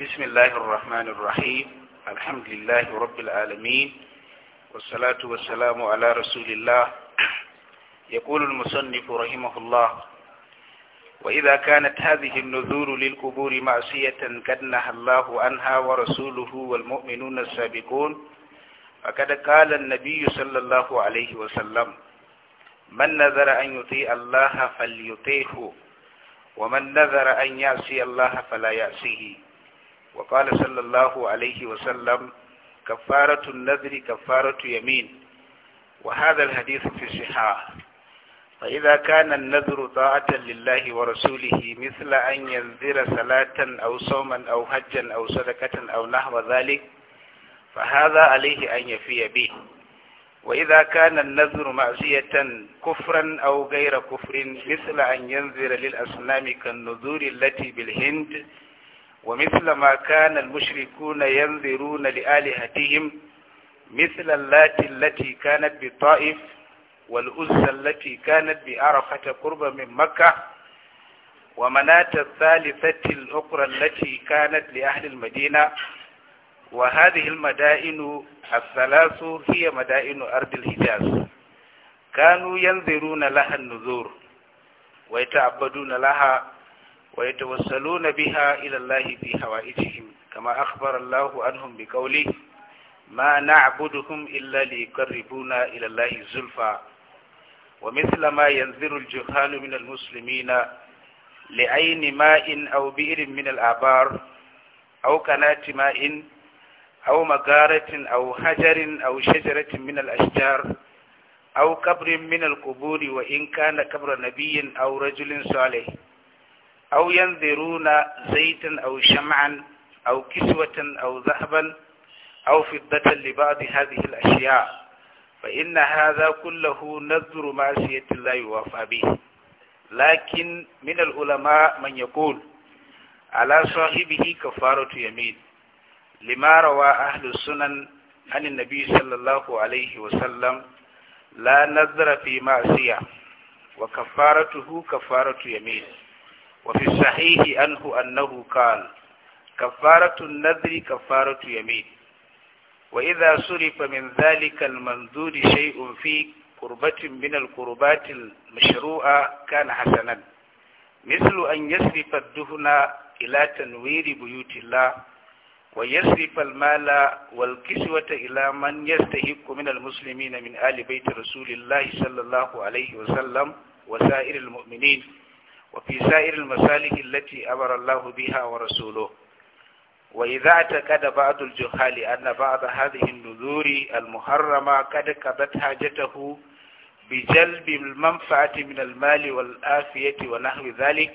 بسم الله الرحمن الرحيم الحمد لله رب العالمين والصلاة والسلام على رسول الله يقول المصنف رحمه الله وإذا كانت هذه النذور للقبور معصية قد نهى الله عنها ورسوله والمؤمنون السابقون فقد قال النبي صلى الله عليه وسلم من نذر أن يطيع الله فليطيعه ومن نذر أن يعصي الله فلا يعصيه وقال صلى الله عليه وسلم كفارة النذر كفارة يمين وهذا الحديث في الصحاح فإذا كان النذر طاعة لله ورسوله مثل أن ينذر صلاة أو صوما أو حجا أو صدقة أو نحو ذلك فهذا عليه أن يفي به وإذا كان النذر معزية كفرا أو غير كفر مثل أن ينذر للأصنام كالنذور التي بالهند ومثل ما كان المشركون ينذرون لآلهتهم مثل اللات التي كانت بطائف والأزة التي كانت بأرقة قرب من مكة ومناة الثالثة الأخرى التي كانت لأهل المدينة وهذه المدائن الثلاث هي مدائن أرض الحجاز كانوا ينذرون لها النذور ويتعبدون لها ويتوسلون بها إلى الله في حوائجهم كما أخبر الله عنهم بقوله ما نعبدهم إلا ليقربونا إلى الله زلفى ومثل ما ينذر الجهال من المسلمين لعين ماء أو بئر من الآبار أو قناة ماء أو مغارة أو حجر أو شجرة من الأشجار أو قبر من القبور وإن كان قبر نبي أو رجل صالح أو ينذرون زيتا أو شمعا أو كسوة أو ذهبا أو فضة لبعض هذه الأشياء فإن هذا كله نذر معصية لا يوافى به لكن من العلماء من يقول على صاحبه كفارة يمين لما روى أهل السنن عن النبي صلى الله عليه وسلم لا نذر في معصية وكفارته كفارة يمين وفي الصحيح أنه أنه قال كفارة النذر كفارة يمين وإذا صرف من ذلك المنذور شيء في قربة من القربات المشروعة كان حسنا مثل أن يصرف الدهن إلى تنوير بيوت الله ويصرف المال والكسوة إلى من يستحق من المسلمين من آل بيت رسول الله صلى الله عليه وسلم وسائر المؤمنين وفي سائر المسالك التي أمر الله بها ورسوله وإذا اعتقد بعض الجهال أن بعض هذه النذور المحرمة قد قضت حاجته بجلب المنفعة من المال والآفية ونحو ذلك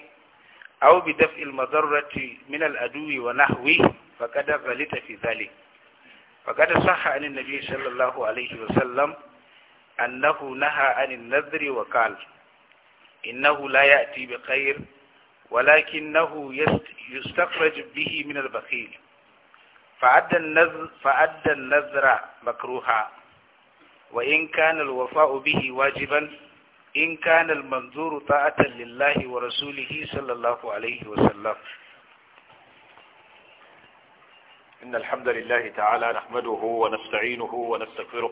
أو بدفع المضرة من العدو ونحوه فقد غلط في ذلك فقد صح عن النبي صلى الله عليه وسلم أنه نهى عن النذر وقال إنه لا يأتي بخير ولكنه يستخرج به من البخيل فأدى النذر, فأدى النذر مكروها وإن كان الوفاء به واجبا إن كان المنظور طاعة لله ورسوله صلى الله عليه وسلم إن الحمد لله تعالى نحمده ونستعينه ونستغفره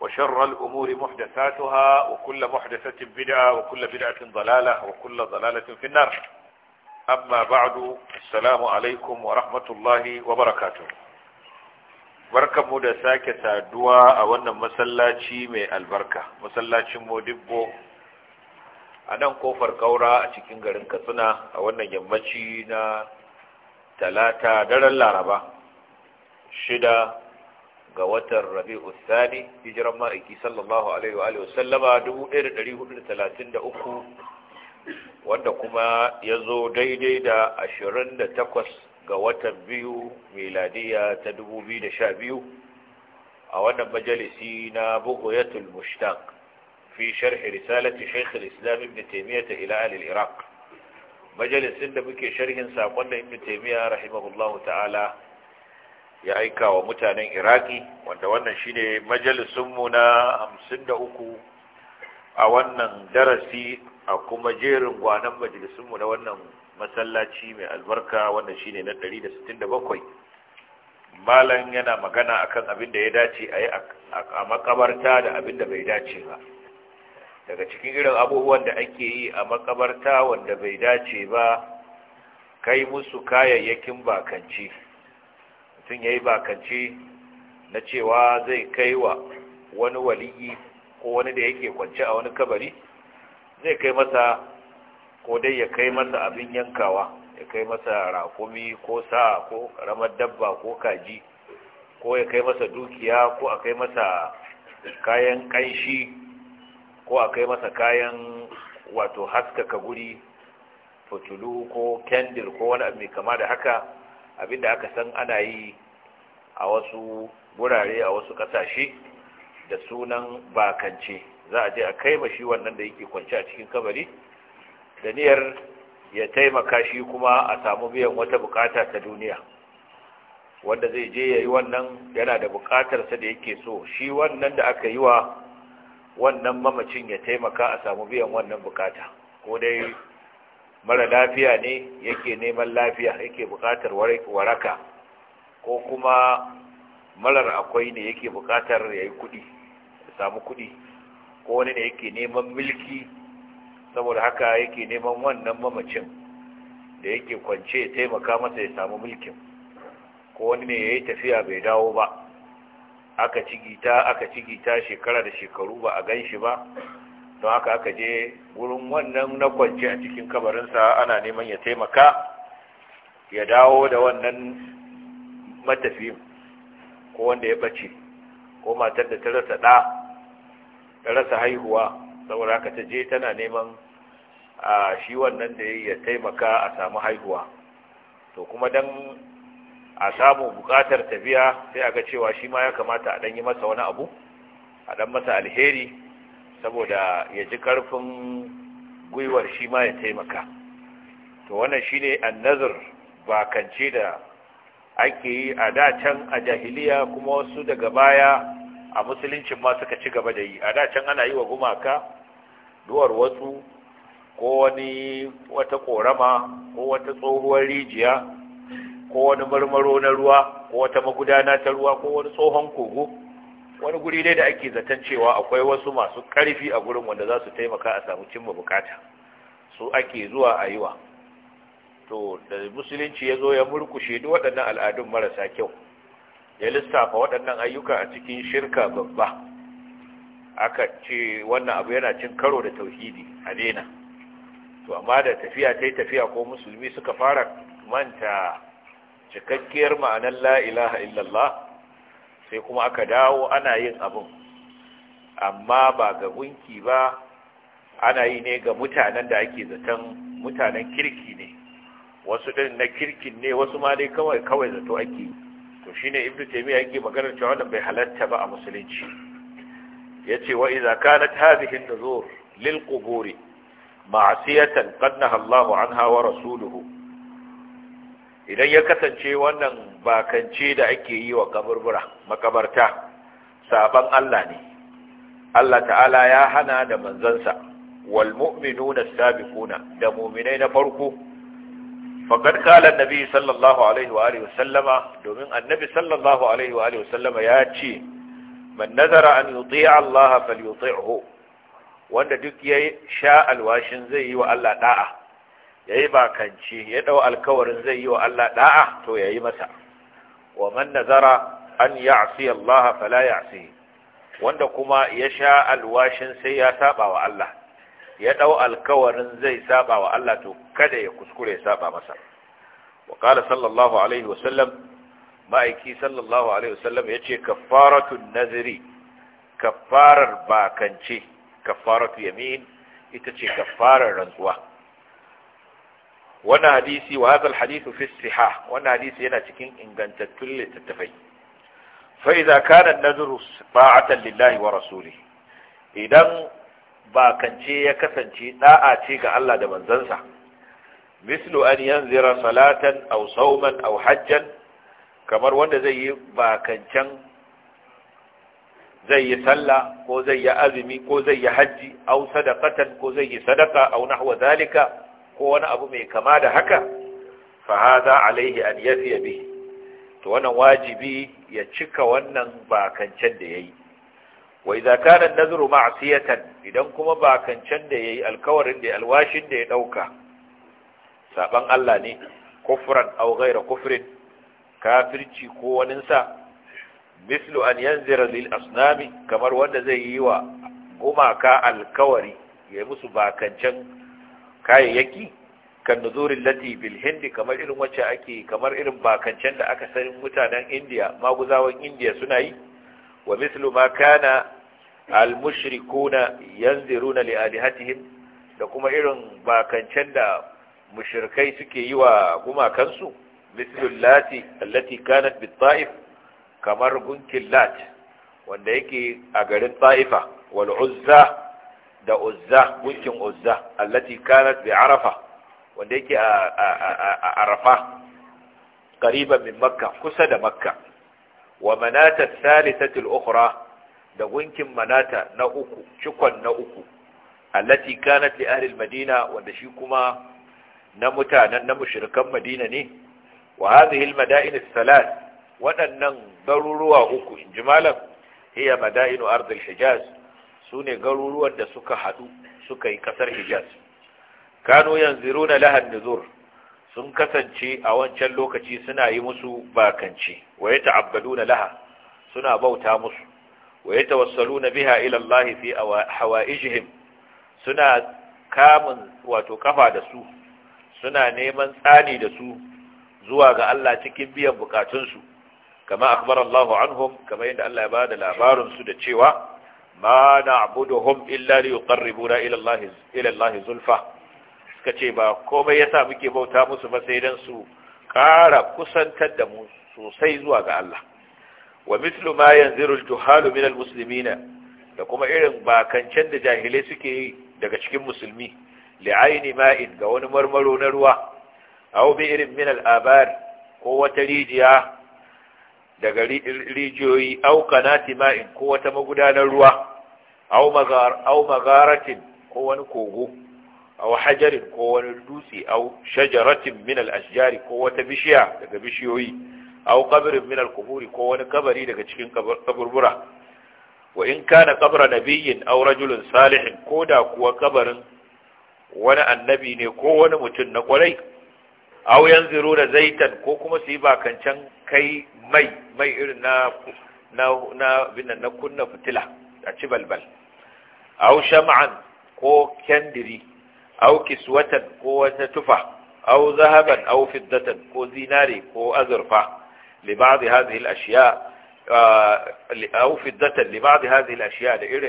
وشر الأمور محدثاتها وكل محدثة بدعة وكل بدعة ضلالة وكل ضلالة في النار أما بعد السلام عليكم ورحمة الله وبركاته barkan mu da sake saduwa a wannan masallaci mai albarka masallacin modibbo a nan kofar kaura a cikin garin katsina a wannan yammaci na talata daren laraba shida ga watan rabi'u thani hijiran ma'aiki sallallahu alaihi wa sallama 1433 wanda kuma ya zo daidai da 28 ga watan biyu miladiya ta 2012 a wannan majalisi na bugoyatul mushtaq fi sharhi risalati shaykh al-islam ibn taymiyyah ila al-iraq majalisin da muke sharhin sakon da ibn taymiyyah rahimahullahu ta'ala ya aika wa mutanen iraki wanda wannan shine majalisunmu na hamsin da uku a wannan darasi a kuma jerin gwanan majalisunmu na wannan masallaci mai albarka wannan shine na 167 malam yana magana akan abin da ya dace a yi a makabarta da abin da bai dace ba daga cikin irin abubuwan da ake yi a makabarta wanda bai dace ba kai musu kayayyakin bakanci mutum ya yi bakance na cewa zai kai wa wani waliyi ko wani da yake kwance a wani kabari zai kai masa ko dai ya kai masa abin yankawa ya kai masa rakumi ko sa ko ramar dabba ko kaji ko ya kai masa dukiya ko a kai masa kayan kanshi ko a kai masa kayan wato haskaka guri fitulu ko kendir ko wani abu mai kama da haka Abin da aka san ana yi a wasu gurare a wasu kasashe da sunan bakance za a je a kai shi wannan da yake kwance a cikin kabari da niyyar ya taimaka shi kuma a samu biyan wata bukata ta duniya wanda zai je ya yi wannan yana da bukatarsa da yake so shi wannan da aka yi wa wannan mamacin ya taimaka a samu biyan wannan bukata ko dai mara lafiya ne yake neman lafiya yake buƙatar waraka ko kuma marar akwai ne yake buƙatar ya yi kuɗi samu kuɗi ko wani ne yake neman milki saboda haka yake neman wannan mamacin da yake kwance ya taimaka masa ya samu milkin ko wani ne ya yi tafiya bai dawo ba aka cigita aka cigita shekara da shekaru ba a gan shi ba don haka aka je wurin wannan na kwance a cikin kabarinsa ana neman ya taimaka ya dawo da wannan matafi ko wanda ya bace ko matar da ta rasa ɗa ta rasa haihuwa saboda haka ta je tana neman a shi wannan da ya taimaka a samu haihuwa to kuma dan a samu bukatar tafiya sai a ga cewa shi ma ya kamata a ɗanyi masa wani abu a ɗan masa alheri saboda ya ji ƙarfin gwiwar shi ma ya taimaka to wannan shine annazar bakance da ake yi a da a jahiliya kuma wasu daga baya a musuluncin ma suka ci gaba da yi a da can ana yi wa gumaka duwar wasu ko wani wata korama ko wata tsohuwar rijiya ko wani marmaro na ruwa ko wata magudana ta ruwa ko wani tsohon kogo wani guri dai da ake zaton cewa akwai wasu masu karfi a gurin wanda za su taimaka a samu cimma bukata su ake zuwa a yiwa to da musulunci ya zo ya murkushe duk waɗannan al'adun marasa kyau ya lissafa waɗannan ayyuka a cikin shirka babba aka ce wannan abu yana cin karo da tauhidi a daina to amma da tafiya ta tafiya ko musulmi suka fara manta cikakkiyar ma'anar la ilaha illallah sai kuma aka dawo ana yin abin amma ba ga gunki ba ana yi ne ga mutanen da ake zaton mutanen kirki ne wasu ɗin na kirkin ne wasu ma dai kawai kawai zato ake yi to shine ibnu taymiya yake magana cewa wannan bai halatta ba a musulunci yace wa idza kanat hadhihi an-nuzur lil quburi ma'siyatan qad Allahu anha wa rasuluhu idan ya kasance wannan bakance da ake yi wa kaburbura makabarta saban Allah ne Allah ta'ala ya hana da manzansa wal mu'minuna sabiquna da mu'minai na farko faqad qala an-nabi sallallahu alaihi wa alihi wasallama domin annabi sallallahu alaihi wa alihi wasallama ya ce man nazara an yuti'a Allah falyuti'hu wanda duk ya sha alwashin zai yi wa Allah da'a ya yi bakanci ya ɗau alkawarin zai yi wa Allah ɗa'a to ya yi masa wa man nazara an ya'si Allah fala ya'si wanda kuma ya sha alwashin sai ya saba wa Allah ya ɗau alkawarin zai saba wa Allah to kada ya kuskure ya saba masa wa sallallahu alaihi wa sallam ma'aiki sallallahu alaihi wa sallam yace kaffaratun nazri kaffarar bakanci kaffaratu yamin ita ce kafarar rantsuwa wannan hadisi wa hadha alhadithu fi sihah wannan hadisi yana cikin ingantattun littattafai fa idza kana an-nazru ta'atan lillahi wa rasulihi idan kance ya kasance da'a ce ga Allah da manzansa mislu an yanzira salatan aw sawman aw hajjan kamar wanda zai yi bakancan zai yi sallah ko zai yi azumi ko zai yi hajji aw sadaqatan ko zai yi sadaqa aw nahwa zalika ko wani abu mai kama da haka fa alaihi an yafiya bi. to wannan wajibi ya cika wannan bakancen da yayi wa idza kana nadhru ma'siyatan idan kuma bakancen da yayi alkawarin da alwashin da ya dauka saban Allah ne kufran aw ghayra kufrin kafirci ko wani sa mislu an yanzira lil asnami kamar wanda zai yi wa gumaka alkawari ya musu bakancen kayayyaki kan nuzurin lati bil hindi kamar irin wacce ake kamar irin bakancen da aka sanin mutanen indiya maguzawan indiya suna yi wa mislu ma kana al mushrikuna yanziruna li alihatihim da kuma irin bakancen da mushrikai suke yi wa gumakansu mislu lati allati kanat bit ta'if kamar gunkin lat wanda yake a garin ta'ifa wal uzza da uzza gunkin uzza allati kanat bi arafa wanda yake a arafa qariban min makka kusa da makka wa manata thalithati al-ukhra da gunkin manata na uku cikon na uku allati kanat li ahli al-madina wanda shi kuma na mutanen na mushrikan madina ne wa hadhihi al-mada'in al-thalath waɗannan garuruwa uku in ji malam hiya mada'inu ardil hijaz su ne garuruwan da suka haɗu suka yi ƙasar hijaz kano yanzu na lahan nuzur sun kasance a wancan lokaci suna yi musu bakanci wa ya ta'abbadu na laha suna bauta musu wa ya tawassalu na biha ilallahi fi hawa'ijihim suna kamun wato kafa da su suna neman tsani da su zuwa ga Allah cikin biyan bukatunsu kama akbar Allahu anhum kama yadda Allah ya ba da labarinsu da cewa ma na'buduhum illa liqarribuna ila Allah ila Allah zulfa suka ce ba komai yasa muke bauta musu ba sai dan su kara kusantar da mu sosai zuwa ga Allah wa mithlu ma yanziru al-juhalu min al-muslimina da kuma irin bakancen da jahilai suke yi daga cikin musulmi li'aini ma'in ga wani marmaro na ruwa aw bi irin min al-abar ko wata rijiya daga rijiyoyi au kanati ma'in ko wata magudanar ruwa au magaratin ko wani kogo au hajarin ko wani dutse au shajaratin min al-ashjari ko wata bishiya daga bishiyoyi au qabrin min kuburi ko wani kabari daga cikin kaburbura wa in kana qabra nabiyyin au rajulin salihin ko da kuwa kabarin wani annabi ne ko wani mutum na kwarai aw yanziru da zaitan ko kuma su yi bakancan kai mai mai irin na na na binan na kunna fitila a ci balbal aw sham'an ko kendiri aw kiswatan ko wata tufa aw zahaban aw fiddatan ko zinare ko azurfa li ba'd hadhihi al-ashya aw fiddatan li ba'd hadhihi al-ashya da irin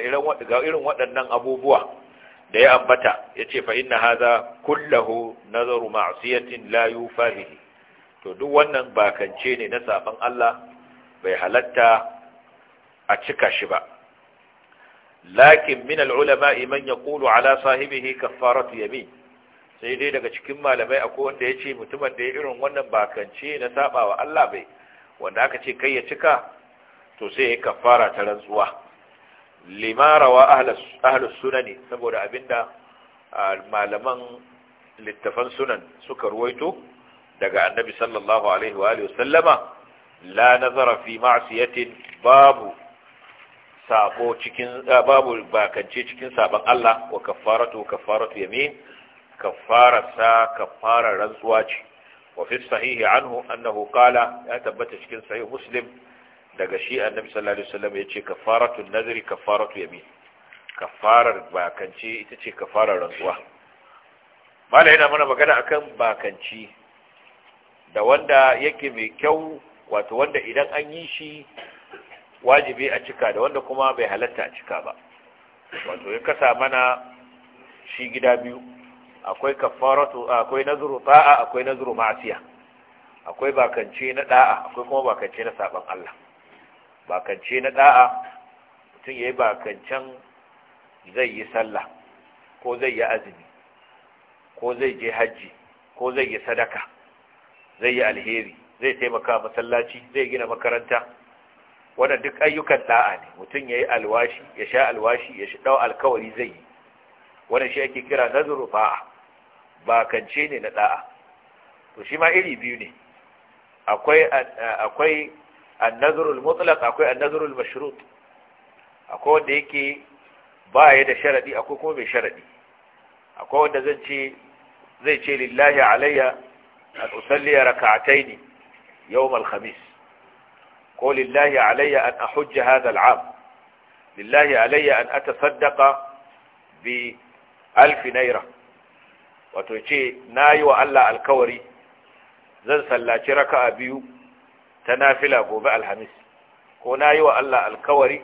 irin waɗannan abubuwa da ya ambata yace fa inna haza kullahu nazaru ma'siyatin la yufa to duk wannan bakance ne na saban Allah bai halatta a cika shi ba lakin min al'ulama ya yaqulu ala sahibihi kaffaratu yami sai dai daga cikin malamai akwai wanda ce mutumin da ya irin wannan bakance na sabawa Allah bai wanda aka ce kai ya cika to sai ya kaffara ta rantsuwa limarawa ahlus ne saboda abinda malaman littafan sunan suka ruwaito daga annabi sallallahu alaihi wa sallama la nazara fi ma'siyatin babu sabo cikin babu bakance cikin saban Allah wa kaffaratu kaffaratu yamin kaffarasa kaffara rantsuwa ce wa fi sahihi anhu annahu qala ya tabbata cikin sahih muslim daga shi annabi sallallahu alaihi wasallam yace kafaratu nadri kafaratu yamin kafarar bakanci ita ce kafarar rantsuwa mala yana mana magana akan bakanci da wanda yake mai kyau wato wanda idan an yi shi wajibi a cika da wanda kuma bai halatta a cika ba wato ya kasa mana shi gida biyu akwai kafaratu akwai nazru ta'a akwai nazru ma'siya akwai bakanci na da'a akwai kuma bakanci na saban Allah bakance na da'a mutum ya yi bakancan zai yi sallah ko zai yi azumi ko zai je hajji ko zai yi sadaka zai yi alheri zai taimaka masallaci zai gina makaranta wannan duk ayyukan da'a ne mutum ya yi alwashi ya sha alwashi ya shi ɗau alkawari zai yi wannan shi ake kira na fa'a bakance ne na da'a to shi ma iri biyu ne akwai annazrul mutlaq akwai annazrul mashrut akwai wanda yake ba ya da sharadi akwai kuma mai sharadi akwai wanda zan ce zai ce lillahi alayya an usalli rak'atayn yawm khamis ko lillahi alayya an ahujja hadha al-'am lillahi alayya an atasaddaqa bi alf naira wato ce nayi wa Allah alkawari zan sallaci raka'a biyu ta nafila gobe alhamis ko na yi wa Allah alkawari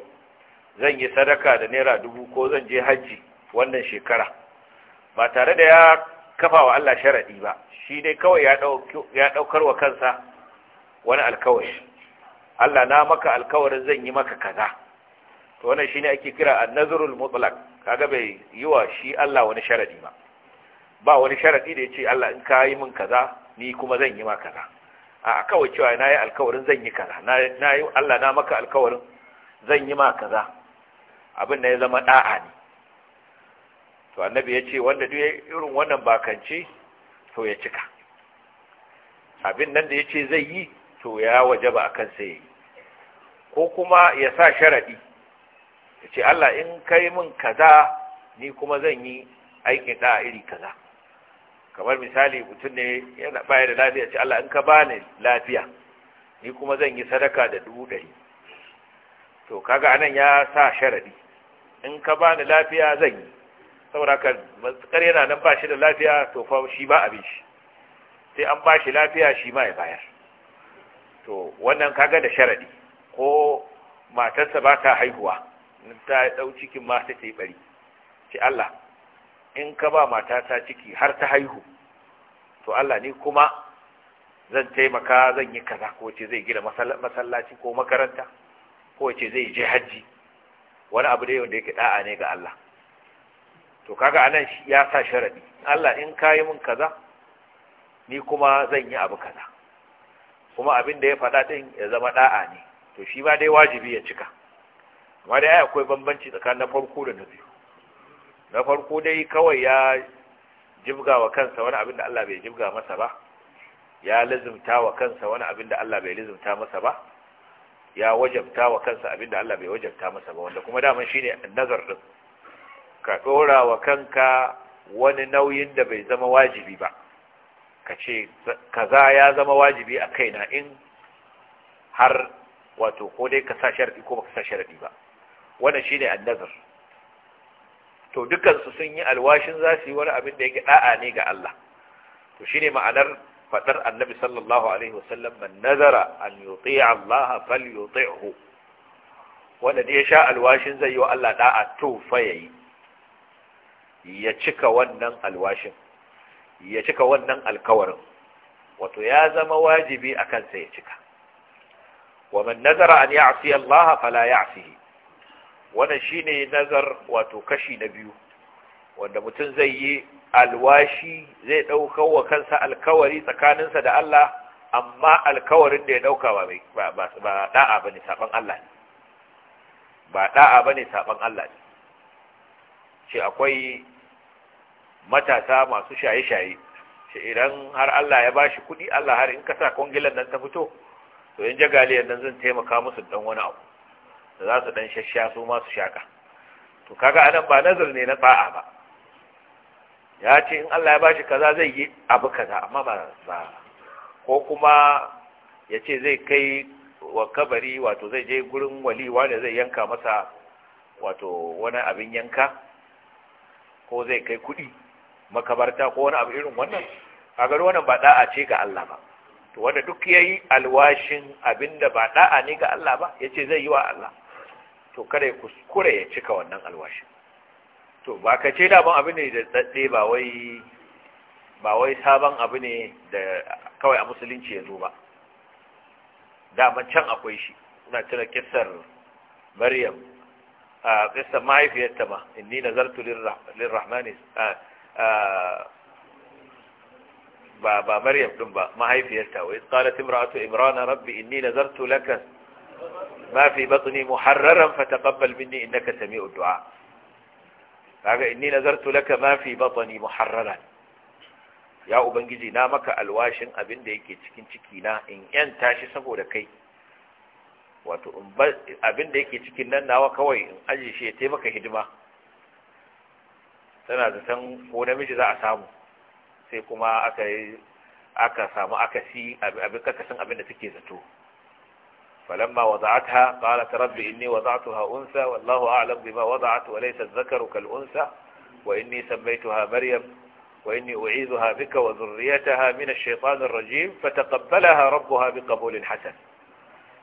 zan yi sadaka da naira dubu ko zan je hajji wannan shekara ba tare da ya kafa wa Allah sharaɗi ba shi dai kawai ya ɗaukar wa kansa wani alkawari Allah na maka alkawarin zan yi maka kaza to wannan shine ake kira an-nazrul mutlaq kaga bai yi wa shi Allah wani sharadi ba ba wani sharaɗi da ya ce Allah in ka yi min kaza ni kuma zan yi maka kaza a kawai cewa na yi alkawarin zan yi kaza na yi Allah na maka alkawarin zan yi ma kaza abin da ya zama da'a ne to annabi ya ce wanda duk irin wannan bakanci to ya cika abin nan da ya ce zai yi to ya waje ba a kan sai ko kuma ya sa sharaɗi ya ce Allah in kai min kaza ni kuma zan yi aikin da'a iri kaza kamar misali mutum ne yana bayar da lafiya ce Allah in ka bani lafiya ni kuma zan yi sadaka da dubu ɗari to kaga anan ya sa sharadi in ka bani lafiya zan yi saboda ka matsakar yana nan ba shi da lafiya to fa shi ba abin shi sai an ba shi lafiya shi ma ya bayar to wannan kaga da sharadi ko matarsa ba ta haihuwa ta ɗau cikin ma ta yi bari ce Allah in ka ba matata ciki har ta haihu to Allah ni kuma zan taimaka zan yi kaza ko ce zai gina masallaci ko makaranta ko ce zai je hajji wani abu da wanda yake da'a ne ga Allah to kaga anan ya sa sharadi Allah in ka yi min kaza ni kuma zan yi abu kaza kuma abin da ya faɗa din ya zama da'a ne to shi ba dai wajibi ya cika amma dai akwai bambanci tsakanin farko da na biyu na farko dai kawai ya jibga wa kansa wani abin da Allah bai jibga masa ba ya lazumta wa kansa wani abin da Allah bai lazumta masa ba ya wajabta wa kansa abin da Allah bai wajabta masa ba wanda kuma daman shine nazar din ka dora wa kanka wani nauyin da bai zama wajibi ba ka ce kaza ya zama wajibi a kaina in har wato ko dai ka sa sharadi ko ba ka sa sharadi ba wannan shine annazar to dukansu sun yi alwashin za su yi wani abin da yake da'a ne ga Allah to shine ma'anar fadar annabi sallallahu alaihi wasallam man nazara an yuti Allah falyuti'hu wanda da ya sha alwashin zai yi wa Allah da'a to fa yayi ya cika wannan alwashin ya cika wannan alkawarin wato ya zama wajibi akan sa ya cika wa man nazara an ya'si Allah fala ya'sihi wannan shine nazar wato kashi na biyu wanda mutum zai yi alwashi zai ɗauka wa kansa alkawari tsakaninsa da Allah amma alkawarin da ya ɗauka ba ba da'a bane saban Allah ne ba da'a bane saban Allah ne ce akwai matasa masu shaye-shaye ce idan har Allah ya bashi kuɗi Allah har in ka sa kwangilan nan ta fito to in jagaliyar nan zan taimaka musu dan wani abu da za su dan shasha su masu shaka to kaga anan ba nazar ne na ba'a ba ya ce in Allah ya bashi kaza zai yi abu kaza amma ba ba ko kuma ya ce zai kai wa kabari wato zai je gurin waliwa da zai yanka masa wato wani abin yanka ko zai kai kuɗi makabarta ko wani abu irin wannan kagar wannan ba da'a ce ga Allah ba to wanda duk yayi alwashin abinda ba da'a ne ga Allah ba yace zai yi wa Allah to kada ya kuskure ya cika wannan alwashin to ba ka ce daban abu ne da tsadde ba wai ba wai sabon abu ne da kawai a musulunci ya zo ba daman can akwai shi na tuna kisar maryam a kissar mahaifiyarta ma inni nazartu lirrahmanis ba ba maryam din ba mahaifiyarta wai qalat imra'atu imrana rabbi inni nazartu laka ma fi batni muharraran fataqabbal minni innaka sami'ud du'a kaga inni nazartu laka ma fi batni muharraran ya ubangiji na maka alwashin abin da yake cikin ciki na in yan tashi saboda kai wato abin da yake cikin nan nawa kawai in aje shi ya taimaka hidima tana da san ko namiji za a samu sai kuma aka aka samu aka si abin kakasin abin da take zato فلما وضعتها قالت رب إني وضعتها أنثى والله أعلم بما وضعت وليس الذكر كالأنثى وإني سميتها مريم وإني أعيذها بك وذريتها من الشيطان الرجيم فتقبلها ربها بقبول حسن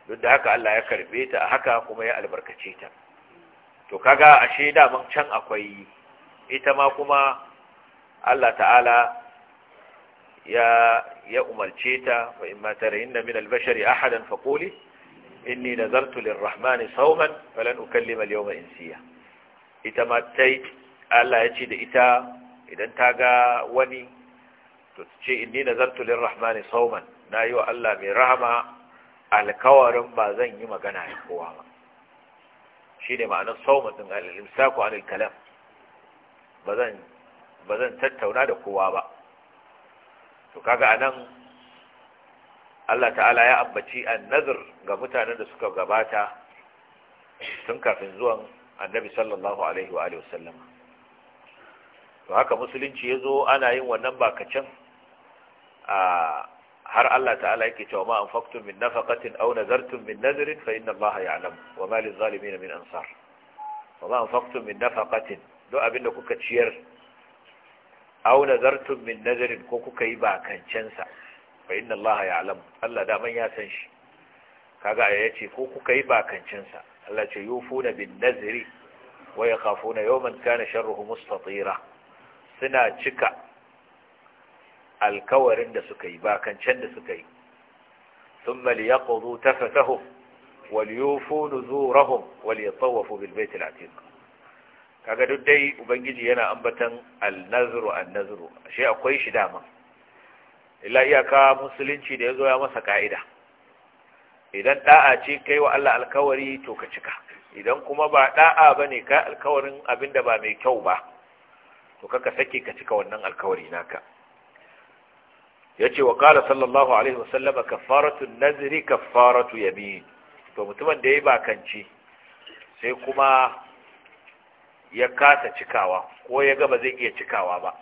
duk da haka Allah ya karbe ta haka kuma ya albarkace ta to kaga ashe daman can akwai ita ma kuma Allah ta'ala ya ya umarce ta min al-bashari inni nazartu lirrahmani sauman falan ukallima al-yawma insiya ita ma tai Allah ya ce da ita idan ta ga wani to ce inni nazartu lirrahmani sauman na yi wa Allah mai rahama alkawarin ba zan yi magana da kowa ba shi ne ma'anar sauman din al-imsaku anil kalam ba zan tattauna da kowa ba to kaga anan Allah ta'ala ya ambaci annazir ga mutanen da suka gabata tun kafin zuwan annabi sallallahu alaihi wa alihi wasallama to haka musulunci ya zo ana yin wannan bakacin a har Allah ta'ala yake cewa ma anfaqtum min nafaqatin aw nazartum min nazrin fa inna Allah ya'lam wa ma lil zalimin min ansar wa ma anfaqtum min nafaqatin duk abinda kuka ciyar aw nazartum min nazrin ko kuka yi bakancin sa fa inna Allah ya alam Allah daman ya san shi kaga ya ce ko kuka yi sa? Allah ce yufuna bin nazri wa yakhafuna yawman kana sharruhu mustatira suna cika alkawarin da suka yi bakancen da suka yi thumma liyaqdu tafatahum waliyufu nuzurahum waliyatawafu bil baitil atiq kaga duk dai ubangiji yana ambatan al-nazru an-nazru ashe akwai shi dama illa iyaka musulunci da ya zo ya masa ka'ida idan da'a ce kai wa Allah alkawari to ka cika idan kuma ba da'a bane ka alkawarin abinda ba mai kyau ba to kaka sake ka cika wannan alkawari naka yace wa qala sallallahu alaihi wasallama kaffaratu nazri kaffaratu yamin to mutumin da yayi bakanci sai kuma ya kasa cikawa ko ya ga ba zai iya cikawa ba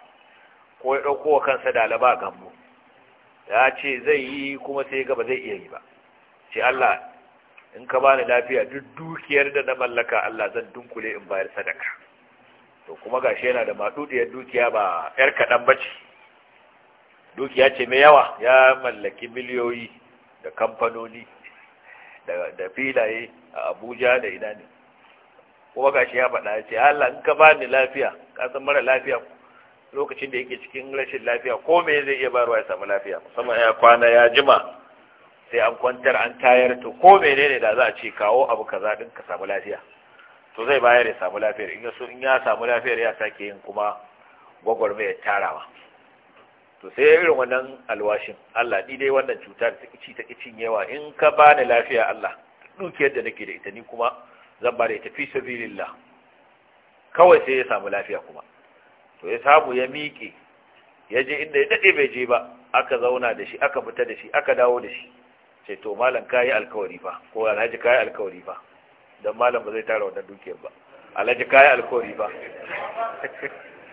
ko ya ɗauko wa kansa dalaba gambo ya ce zai yi kuma sai ga ba zai iya yi ba ce Allah in ka bani lafiya duk dukiyar da na mallaka Allah zan dunkule in bayar sadaka to kuma gashi yana da madudiyar dukiya ba yar ba ce dukiya ce mai yawa ya mallaki miliyoyi da kamfanoni da filaye a Abuja da ina ne kuma gashi ya faɗa ya ce Allah in ka bani lafiya ka san mara lafiya lokacin da yake cikin rashin lafiya ko me zai iya barwa ya samu lafiya musamman ya kwana ya jima sai an kwantar an tayar to ko menene da za a ce kawo abu kaza din ka samu lafiya to zai bayar ya samu lafiyar in ya in ya samu lafiyar ya sake yin kuma gwagwarmayar tarawa to sai irin wannan alwashin Allah ni dai wannan cutar ta kici ta kicin yawa in ka bani lafiya Allah dukiyar da nake da ita ni kuma zan bare ta fi sabilillah kawai sai ya samu lafiya kuma to ya samu ya miƙe ya je inda ya daɗe bai je ba aka zauna da shi aka fita da shi aka dawo da shi ce to malam ka yi alkawari fa ko alhaji ka yi alkawari fa don malam ba zai tara wannan dukiyar ba alhaji ka yi alkawari fa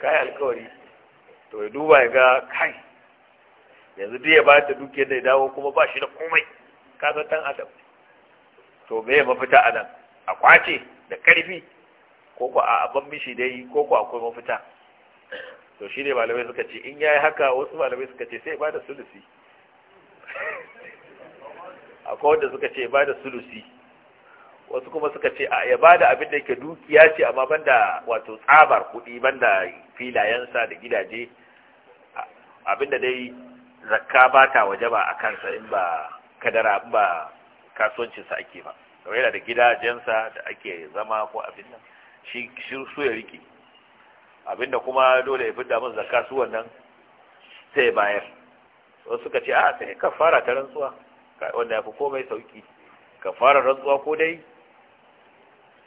yi alkawari to ya duba ya ga kai yanzu duk ya ba ta dukiyar da ya dawo kuma ba shi da komai ka san tan adam to me ya mafita a nan a kwace da karfi ko ko a abin mishi dai ko ko akwai mafita to shi ne malamai suka ce in yi haka wasu malamai suka ce sai bada sulusi akwai wanda suka ce da sulusi wasu kuma suka ce a ya da abin da yake dukiya ce amma banda wato tsabar ban banda filayensa da gidaje abin da dai zakka ba ta waje ba a kansa in ba kadara in ba kasuwancinsa ake ba kamar yana da gidajensa da ake zama ko abin nan shi su ya rike abinda kuma dole ya fidda min zakka su wannan sai bayar wasu suka ce a sai kafara ta rantsuwa wanda yafi komai sauki kafara rantsuwa ko dai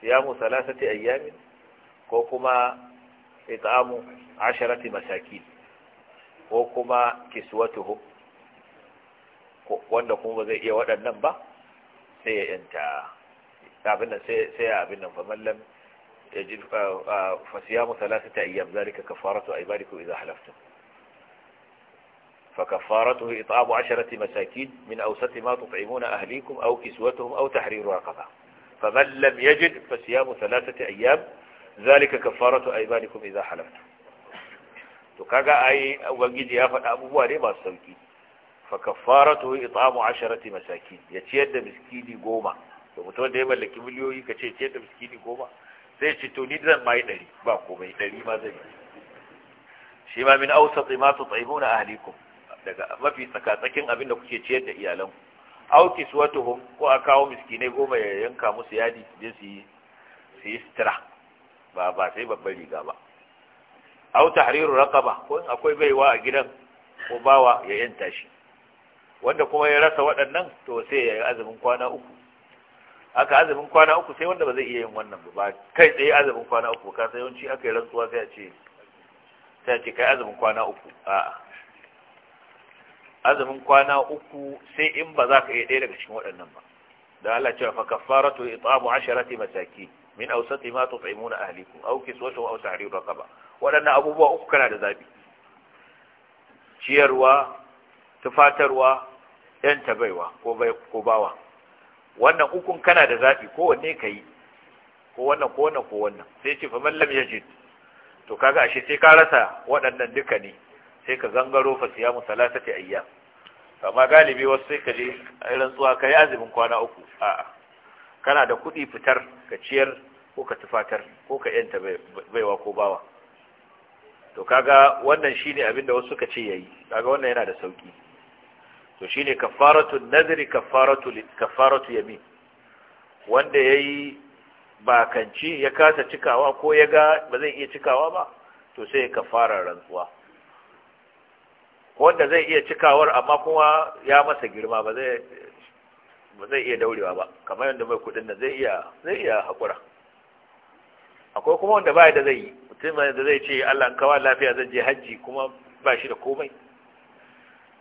siyamu salasati ayyami ko kuma it'amu asharati masakin ko kuma kiswatuhum wanda kuma zai iya waɗannan ba sai ya yanta abin nan sai ya abin nan fa mallam يجد فصيام ثلاثة أيام ذلك كفارة أيمانكم إذا حلفتم فكفارته إطعام عشرة مساكين من أوسط ما تطعمون أهليكم أو كسوتهم أو تحرير رقبة فمن لم يجد فصيام ثلاثة أيام ذلك كفارة أيمانكم إذا حلفتم تكاغا أي وجد يا فدا أبوه ne masu sauki fa kaffaratu it'amu 10 masakin ya ciyar da miskini goma to mutum da ya mallaki miliyoyi ka ce ciyar da miskini goma sai ce to ni zan mai ɗari ba komai ɗari ma zai shi ma min ausat ma tut'imuna ahlikum daga mafi tsakatsakin abin da kuke ciyar da iyalan auki suwatuhum ko a kawo miskinai goma ya yanka musu yadi je su yi su yi sutura ba ba sai babbar riga ba au tahriru raqaba ko in akwai baiwa a gidan ko bawa ya yanta shi wanda kuma ya rasa waɗannan to sai ya yi azumin kwana uku haka azumin kwana uku sai wanda ba zai iya yin wannan ba kai tsaye azumin kwana uku ka sai yawanci aka yi rantsuwa sai a ce sai a ce kai azumin kwana uku a'a azumin kwana uku sai in ba za ka iya ɗaya daga cikin waɗannan ba da Allah cewa fa kaffaratu it'amu asharati masaki min awsati ma tut'imuna ahlikum aw kiswatu aw tahriru raqaba waɗannan abubuwa uku kana da zabi ciyarwa tufatarwa yan tabaiwa ko bai ko bawa wannan ukun kana da zaɓi ko wanne ka yi ko wannan ko wannan ko wannan sai ce fa mallam ce. to kaga ashe sai ka rasa waɗannan duka ne sai ka gangaro fa salata ta ayya amma galibi wasu sai ka je irin tsuwa yi azumin kwana uku a'a kana da kuɗi fitar ka ciyar ko ka tufatar ko ka yanta baiwa ko bawa to kaga wannan shine abin da wasu suka ce yayi kaga wannan yana da sauki to shine kafaratu nadri kafaratu kafaratu yamin wanda yayi bakanci ya kasa cikawa ko ya ga ba zai iya cikawa ba to sai ya kafara rantsuwa wanda zai iya cikawar amma kuma ya masa girma ba zai ba zai iya daurewa ba kamar yadda mai kudin nan zai iya zai iya hakura akwai kuma wanda baya da zai yi mutum da zai ce Allah kawa lafiya zan je haji kuma ba shi da komai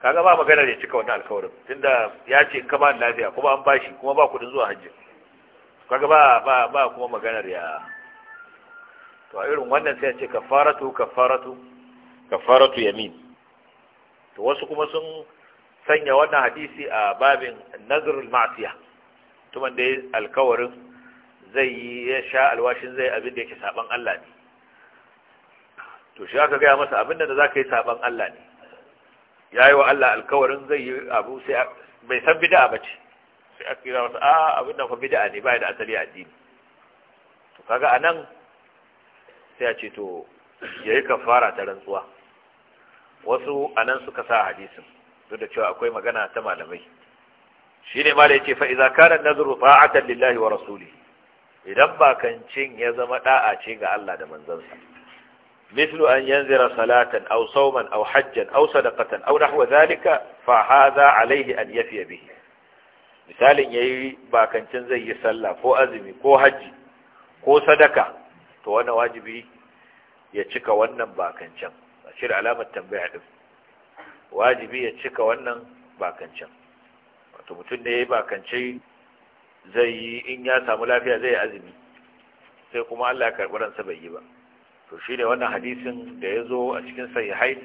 kaga ba magana da cika wannan alkawarin tunda ya ce in ka ba lafiya kuma an bashi kuma ba kudin zuwa hajji kaga ba ba ba kuma maganar ya to a irin wannan sai ce kafaratu kafaratu kafaratu yamin to wasu kuma sun sanya wannan hadisi a babin nazrul ma'siya tuman dai alkawarin zai yi ya sha alwashin zai abin da yake saban Allah ne to shi aka gaya masa abin da za ka yi saban Allah ne ya yi wa Allah alkawarin zai yi abu sai bai san bid'a ba ce sai aka kira wasu 'A'a ah, abin nan fa bid'a ne bai da asali addini to kaga anan sai a ce to yayi kafara ta rantsuwa wasu anan suka sa hadisin duk da cewa akwai magana ta malamai shine ma da ce fa iza kana nadru ta'atan lillahi wa rasuli idan ba kancin ya zama da'a ce ga Allah da manzansa مثل أن ينذر صلاة أو صوما أو حجا أو صدقة أو نحو ذلك فهذا عليه أن يفي به misalin ya yi bakancin zai yi sallah ko azumi ko hajji ko sadaka to wani wajibi ya cika wannan bakancin a shirya alamar tambaya ɗin wajibi ya cika wannan bakancin wato mutum da ya yi bakance zai yi in ya samu lafiya zai azumi sai kuma allah ya ransa bai yi ba to shi ne wannan hadisin da ya zo a cikin sahihai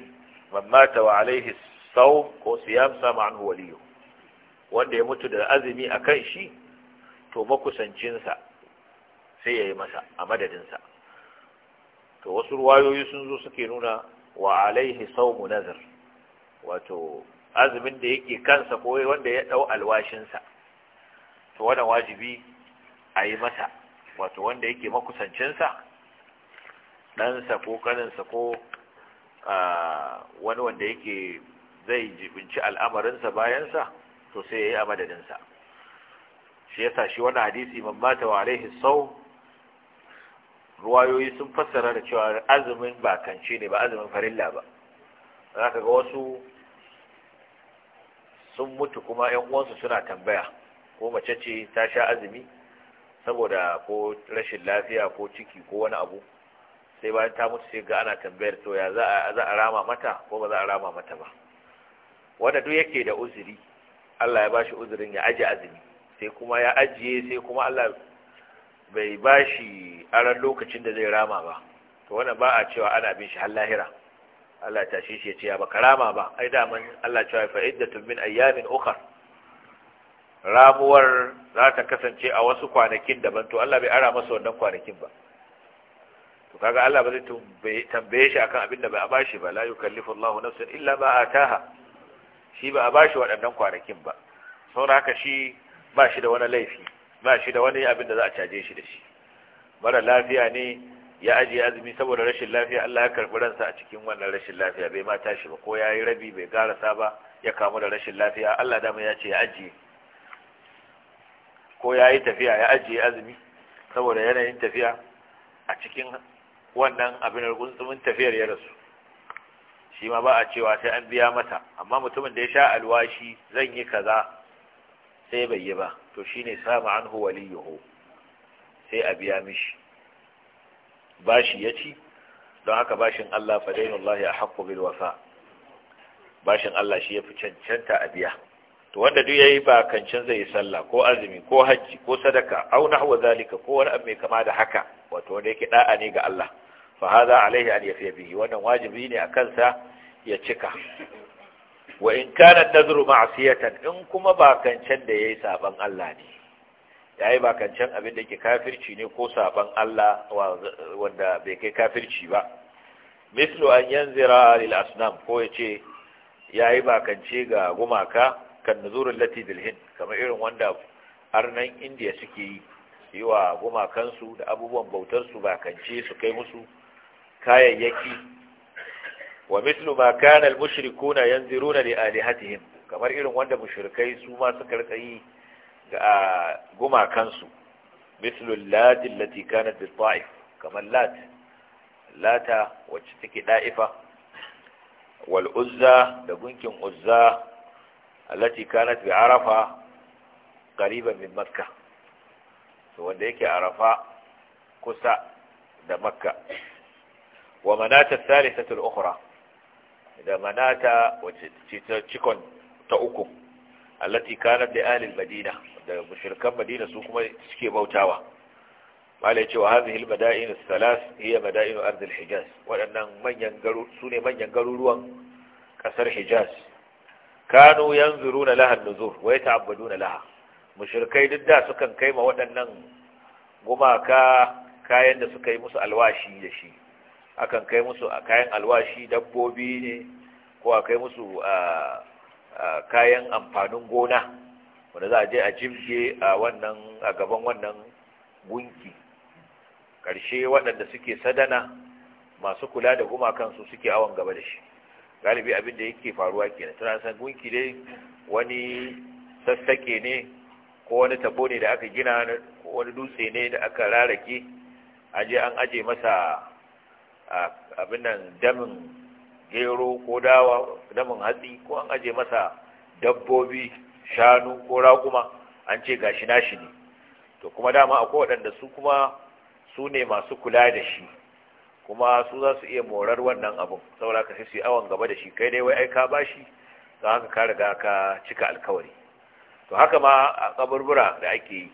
man mata wa alaihi sau ko siyam sama an waliyu wanda ya mutu da azumi a kan shi to makusancinsa sai ya yi masa a madadinsa to wasu ruwayoyi sun zo suke nuna wa alaihi mu nazar wato azumin da yake kansa ko wanda ya dau alwashinsa to wannan wajibi a yi masa wato wanda yake makusancinsa ɗansa ko kaninsa ko wani wanda yake zai jibinci al'amarinsa bayansa to sai ya yi a madadinsa shi yasa shi wani hadisi man mata wa alaihi sau ruwayoyi sun fassara da cewa azumin ba kance ne ba azumin farilla ba za ka ga wasu sun mutu kuma ‘yan uwansu suna tambaya ko mace ce ta sha azumi saboda ko rashin lafiya ko ciki ko wani abu sai bayan ta mutu sai ga ana tambayar to ya za a rama mata ko ba za a rama mata ba wanda duk yake da uzuri Allah ya bashi uzurin ya aje azumi sai kuma ya ajiye sai kuma Allah bai bashi aran lokacin da zai rama ba to wannan ba a cewa ana bin shi har lahira Allah ta shi ya ce ya baka rama ba ai da man Allah cewa fa iddatun min ayyamin ukhra ramuwar za ta kasance a wasu kwanakin daban to Allah bai ara masa wannan kwanakin ba to kaga Allah ba zai tambaye shi akan abin da ba a bashi ba la yukallifu Allahu nafsan illa ma ataha shi ba a bashi waɗannan kwanakin ba saboda haka shi ba shi da wani laifi ba shi da wani abin da za a caje shi da shi mara lafiya ne ya ajiye azumi saboda rashin lafiya Allah ya karɓi ransa a cikin wannan rashin lafiya bai ma tashi ba ko yayi rabi bai garasa ba ya kamu da rashin lafiya Allah dama ya ce ya ajiye ko yayi tafiya ya ajiye azumi saboda yanayin tafiya a cikin wannan abin rukunsumin tafiyar ya rasu shi ma ba a cewa sai an biya mata amma mutumin da ya sha alwashi zan yi kaza sai bai yi ba to shi shine an anhu yaho, sai a biya mishi bashi ya ci don haka bashin Allah fadainullahi a haƙƙo bil wasa bashin Allah shi ya fi cancanta a biya to wanda duk yayi ba kancan zai yi sallah ko azumi ko hajji ko sadaka au nahwa zalika ko wani abu mai kama da haka wato wanda yake da'a ne ga Allah fa hadha alaihi an yafi bihi wannan wajibi ne akan sa ya cika wa in kana tadru ma'siyatan in kuma ba kancan da yayi saban Allah ne yayi ba kancan abin da yake kafirci ne ko saban Allah wanda bai kai kafirci ba mislu an yanzira lil asnam ko yace yayi ba kance ga gumaka kan nuzurul lati bil hind kamar irin wanda arnan indiya suke yi yi wa gumakansu da abubuwan bautarsu ba kance su kai musu kayayyaki wa mislu ma kana al-mushrikuna yanziruna li alihatihim kamar irin wanda mushrikai su ma suka rika yi ga gumakansu mislu lat allati kanat bi ta'if kamar lat lata wacce take da'ifa wal uzza da gunkin uzza allati kanat bi arafa qariban min makkah wanda yake arafa kusa da makka wa manata salisatul ukhra da manata wacce ta cikon ta uku allati kanat li ahli madina da mushrikan madina su kuma suke bautawa malai cewa hadhihi al-mada'in al-thalath hiya mada'in ardh al-hijaz wadannan manyan garu sune manyan garuruwan kasar hijaz kanu yanzuruna laha an-nuzur wa yata'abbaduna laha mushirkai duk da sukan kai ma waɗannan gumaka kayan da suka yi musu alwashi da shi akan kai musu kayan alwashi dabbobi ne ko a kai musu kayan amfanin gona wanda za a je a jibge a wannan a gaban wannan gunki Karshe waɗanda suke sadana masu kula da gumakan su suke awon gaba da shi galibi abin da yake faruwa kenan tunan san gunki dai wani sassake ne ko wani tabo ne da aka gina wani dutse ne da aka rarake aje an aje masa abin nan damin gero ko dawa damin hatsi ko an aje masa dabbobi shanu ko raguma an ce gashi nashi ne to kuma dama akwai waɗanda su kuma su ne masu kula da shi kuma su za su iya morar wannan abin saboda ka sai su yi awon gaba da shi kai dai wai ai ka bashi za ka riga ka cika alkawari to haka ma a kaburbura da ake yi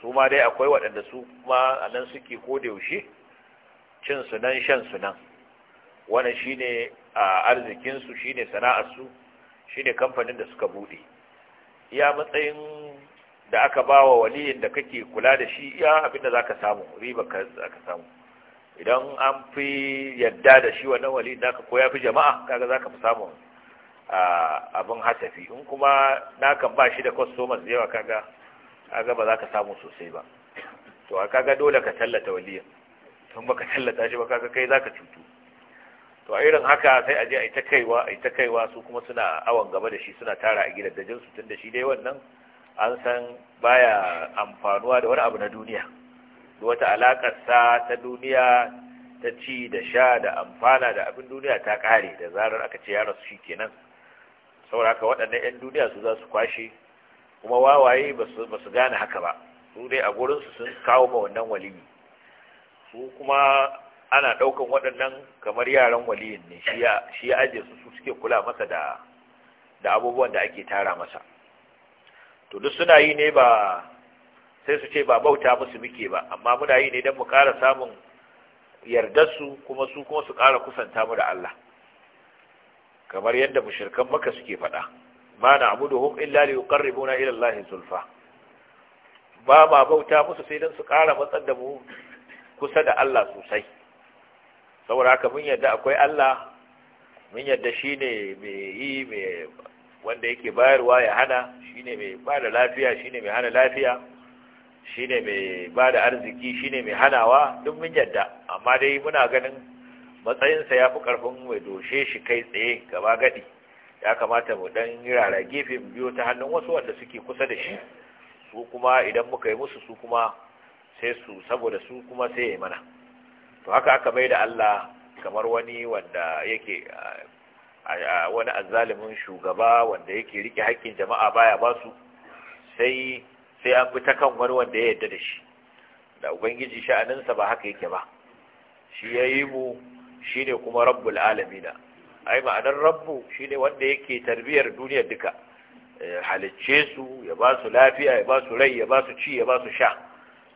su ma dai akwai waɗanda su ma a nan suke yaushe? cin su nan shan su nan shi ne a arzikinsu shi ne sana'arsu Shi ne kamfanin da suka buɗe iya matsayin da aka ba wa waliyin da kake kula da shi iya abinda za ka samu riba ka za samu idan an fi yadda da shi wannan waliyin da ka koya fi jama'a kaga za ka fi samun abin hasafi in kuma nakan ba shi da customers yawa kaga kaga ba za ka samu sosai ba to a kaga dole ka tallata waliyan tun baka tallata shi ba kaga kai zaka cutu to a irin haka sai a je a yi ta kaiwa a yi kaiwa su kuma suna awon gaba da shi suna tara a gidan dajin su tunda shi dai wannan an san baya amfanuwa da wani abu na duniya da wata alakar sa ta duniya ta ci da sha da amfana da abin duniya ta kare da zarar aka ce ya rasu shi kenan saboda haka waɗannan 'yan duniya su za su kwashe kuma wawaye ba su gane haka ba su dai a gurinsu sun kawo ma wannan waliyi su kuma ana ɗaukan waɗannan kamar yaran waliyin ne shi ya ajiye su suke kula masa da da abubuwan da ake tara masa to duk suna yi ne ba sai su ce ba bauta musu muke ba amma muna yi ne don mu ƙara samun yardarsu kuma su kuma su ƙara kusanta mu da Allah kamar yadda mushirkan maka suke faɗa ma na'buduhum illa liqarribuna ila Allahi zulfa ba ma bauta musu sai dan su kara matsar da mu kusa da Allah sosai saboda haka mun yadda akwai Allah mun yadda shine mai yi mai wanda yake bayarwa ya hana shine mai bada lafiya shine mai hana lafiya shine mai bada arziki shine mai hanawa duk mun yadda amma dai muna ganin matsayinsa ya fi ƙarfin mai doshe shi kai tsaye gaba gadi ya kamata mu ɗan rara gefe mu biyo ta hannun wasu wanda suke kusa da shi su kuma idan muka yi musu su kuma sai su saboda su kuma sai ya yi mana to haka aka mai da Allah kamar wani wanda yake wani azzalimin shugaba wanda yake rike haƙƙin jama'a baya ba su sai sai an bi ta kan wani wanda ya yarda da shi da ubangiji sha'aninsa ba haka yake ba shi ya yi mu shine kuma rabbul alamina ai ma'anar rabbu shine wanda yake tarbiyar duniya duka eh, halicce su ya ba su lafiya ya ba su rai ya ba su ci ya ba su sha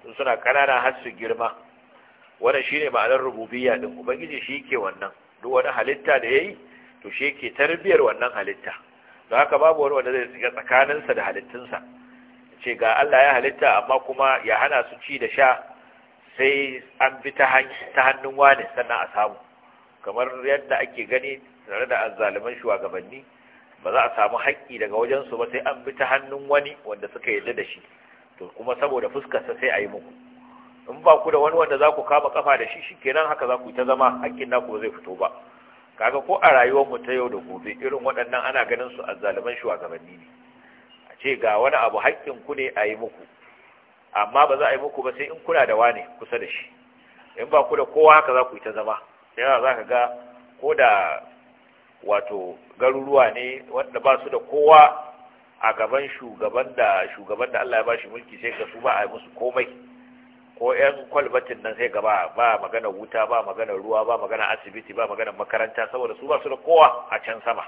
Sun suna kanana har su girma wannan shine ma'anar rububiyya din ubangiji shi ke wannan duk wani halitta da yayi to shi ke tarbiyar wannan halitta don haka babu wani wanda zai shiga tsakaninsa da halittunsa ce ga Allah ya halitta amma kuma ya hana su ci da sha sai an bi ta hannun wani sannan a samu kamar yadda ake gani tare da azzaliman shugabanni ba za a samu haƙƙi daga wajen su ba sai an bi ta hannun wani wanda suka yarda da shi to kuma saboda fuskarsa sai a yi muku in ba ku da wani wanda za ku kama kafa da shi shi kenan haka za ku ta zama haƙƙin naku ba zai fito ba kaga ko a rayuwar mu ta yau da gobe irin waɗannan ana ganin su azzaliman shugabanni ne a ce ga wani abu haƙƙin ku ne a yi muku amma ba za a yi muku ba sai in kuna da wane kusa da shi in ba ku da kowa haka za ku ta zama sai za ka ga ko da wato garuruwa ne wanda ba su da kowa a gaban shugaban da shugaban da Allah ya bashi mulki sai ga su ba a yi musu komai ko yan kwalbatin nan sai gaba ba magana wuta ba magana ruwa ba magana asibiti ba magana makaranta saboda su ba su da kowa a can sama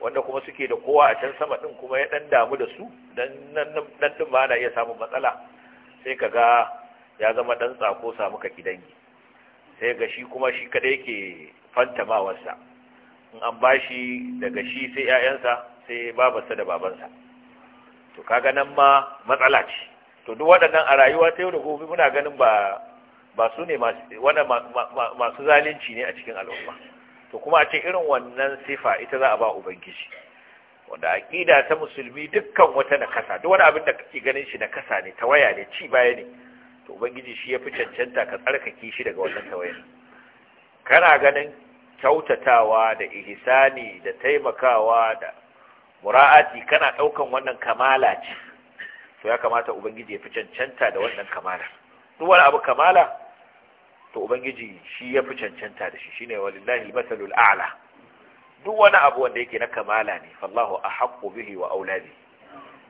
wanda kuma suke da kowa a can sama din kuma ya dan damu da su dan nan din ba ana iya samun matsala sai ka ga ya zama dan tsako samu ka kidangi sai ga shi kuma shi kada yake fantamawarsa in an ba shi daga shi sai 'ya'yansa sai babarsa da babansa to kaga nan ma matsala ce to duk waɗannan a rayuwa ta yau da gobe muna ganin ba su ne masu zalunci ne a cikin al'umma to kuma a ce irin wannan sifa ita za a ba ubangiji wanda aƙida ta musulmi dukkan wata na kasa duk wani abin da kake ganin shi na kasa ne waya ne ci baya ne to ubangiji shi ya fi cancanta ka tsarkake shi daga wannan tawayin. kana ganin kyautatawa da ihsani da taimakawa da mura'ati kana daukan wannan kamala ce to ya kamata ubangiji ya fi cancanta da wannan kamala duk wani abu kamala to ubangiji shi ya fi cancanta da shi shine walillahi almasalul a'la duk wani abu wanda yake na kamala ne fallahu ahqqu bihi wa auladi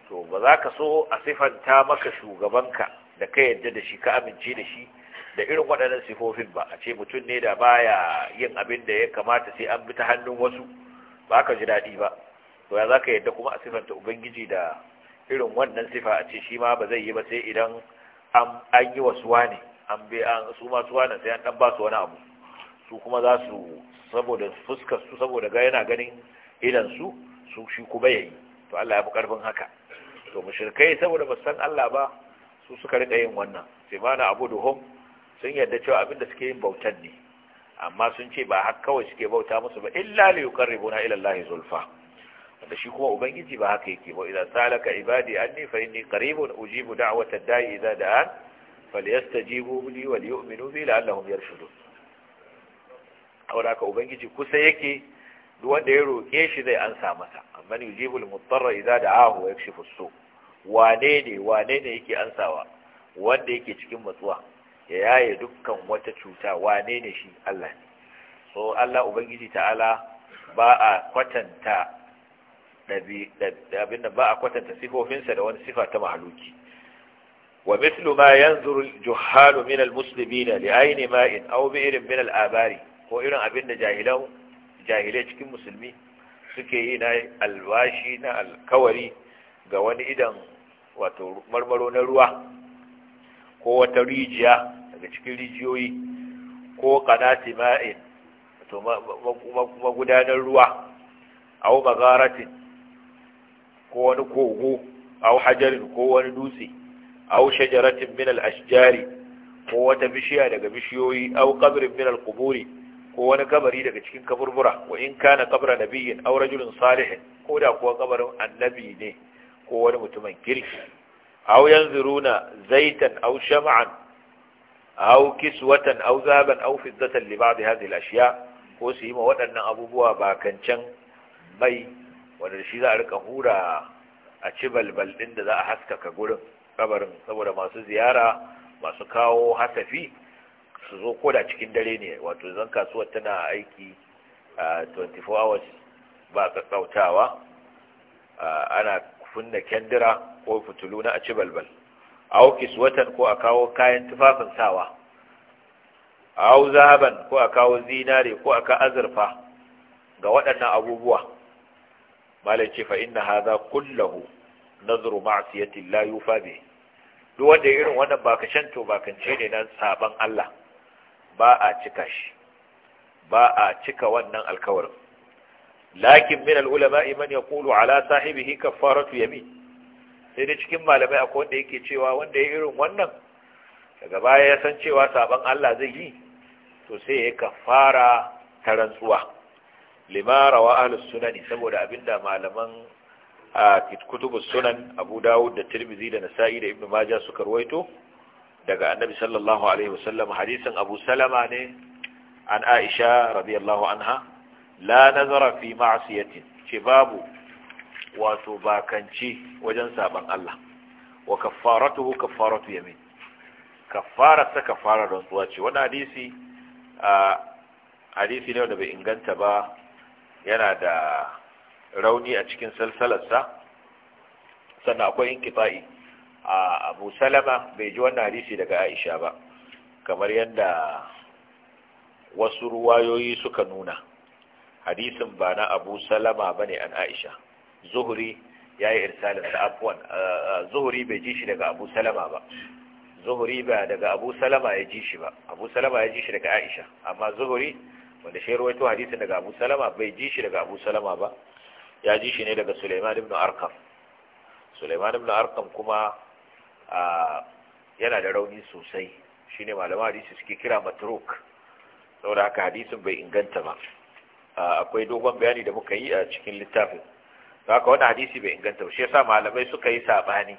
to ba za ka so a sifanta maka shugabanka da ka yadda da shi ka amince da shi da irin waɗannan sifofin ba a ce mutum ne da baya yin abin da ya kamata sai an bi ta hannun wasu ba ka ji daɗi ba to ya za ka yadda kuma a sifanta ubangiji da irin wannan sifa a ce shi ma ba zai yi ba sai idan an yi wa suwa an bi an su ma sai an ɗan ba su wani abu su kuma za su saboda fuskar su saboda ga yana ganin idan su su shi kuma yayi to Allah ya fi karfin haka to mushrikai saboda ba san Allah ba su suka rika yin wannan sai mana abuduhum sun yadda cewa abin da suke yin bautan ne amma sun ce ba haka kawai suke bauta musu ba illa li yuqarribuna ila allahi zulfa wanda shi kuma ubangiji ba haka yake ba idan salaka ibadi anni fa inni qaribun ujibu da'wata da'i idza da'an falyastajibu li wa liyu'minu bi la'allahum yarshudun aure haka ubangiji kusa yake duk wanda ya roke shi zai ansa masa amma yujibul mutarra idza da'ahu wa yakshifu as-su' wane ne wane ne yake ansawa wanda yake cikin matsuwa ya yaye dukkan wata cuta wane ne shi Allah ne so Allah ubangiji ta'ala ba a kwatanta abinda ba a kwatanta sifofinsa da wani sifa ta mahaluki wa mithlu ma yanzuru al-juhalu min almuslimina li ayni ma'in aw bi'rin min al'abari ko irin abinda jahilan jahilai cikin musulmi suke yi na alwashi na alkawari ga wani idan wato marmaro na ruwa ko wata rijiya daga cikin rijiyoyi ko kanati ma'in wato magudanar ruwa au magaratin ko wani kogo au hajarin ko wani dutse au shajaratin min al ko wata bishiya daga bishiyoyi au qabrin min kuburi ko wani kabari daga cikin kaburbura wa in kana kabra nabiyyin aure julin salihin ko da kuwa kabarin annabi ne ko wani mutumin kirki aw yanzuruna zaitan aw sham'an aw kiswatan aw zaban aw fiddatan li ba'd hadhihi al-ashya ko su yi ma waɗannan abubuwa ba kancan mai wanda shi za a rika hura a ci balbal din da za a haskaka gurin kabarin saboda masu ziyara masu kawo hasafi su zo koda cikin dare ne wato zan kasuwar tana aiki a ah, 24 hours ba kakkautawa ah, ana kunna kyandira ko fitulu na a ci balbal A aw watan ko a kawo kayan tufafin sawa A hau zahaban ko a kawo zinare ko aka azurfa ga waɗannan abubuwa malai ce fa inna hadha kullahu nazru ma'siyati la yufa bi duk wanda irin wannan bakashan to bakance ne nan saban Allah ba a cika shi ba a cika wannan alkawarin lakin min al'ulama iman ya kulu ala sahibihi kafaratu yamin sai dai cikin malamai akwai wanda yake cewa wanda ya irin wannan daga baya ya san cewa sabon Allah zai yi to sai ya kafara ta rantsuwa lima rawa ahlus sunani saboda abinda malaman a kutubus sunan Abu Dawud da Tirmidhi da Nasa'i da Ibn Majah suka ruwaito daga Annabi sallallahu alaihi wasallam hadisin Abu Salama ne an Aisha radiyallahu anha la nazara fi ma'siyatin ce babu wato bakanci wajen saban Allah wa kaffaratuhu kaffaratu yamin kaffarat ta don zuwa ce wani hadisi a hadisi ne wanda bai inganta ba yana da rauni a cikin salsalarsa sannan akwai inkifai a abu salama bai ji wannan hadisi daga aisha ba kamar yadda wasu ruwayoyi suka nuna hadisin ba na abu salama ba ne an aisha zuhuri ya yi irsalin da abuwan eh, eh, zuhuri bai ji shi daga abu salama ba zuhuri ba daga abu salama ya ji shi ba abu salama ya ji shi daga aisha amma zuhuri wanda shi ruwaito hadisin daga abu salama bai ji shi daga abu salama ba ya ji shi ne daga suleiman ibn arkam suleiman ibn arkam kuma yana da rauni sosai shine malama hadisi suke kira matruk saboda haka hadisin bai inganta ba akwai dogon bayani da muka yi a cikin littafin haka wani hadisi bai inganta ba shi yasa malamai suka yi sabani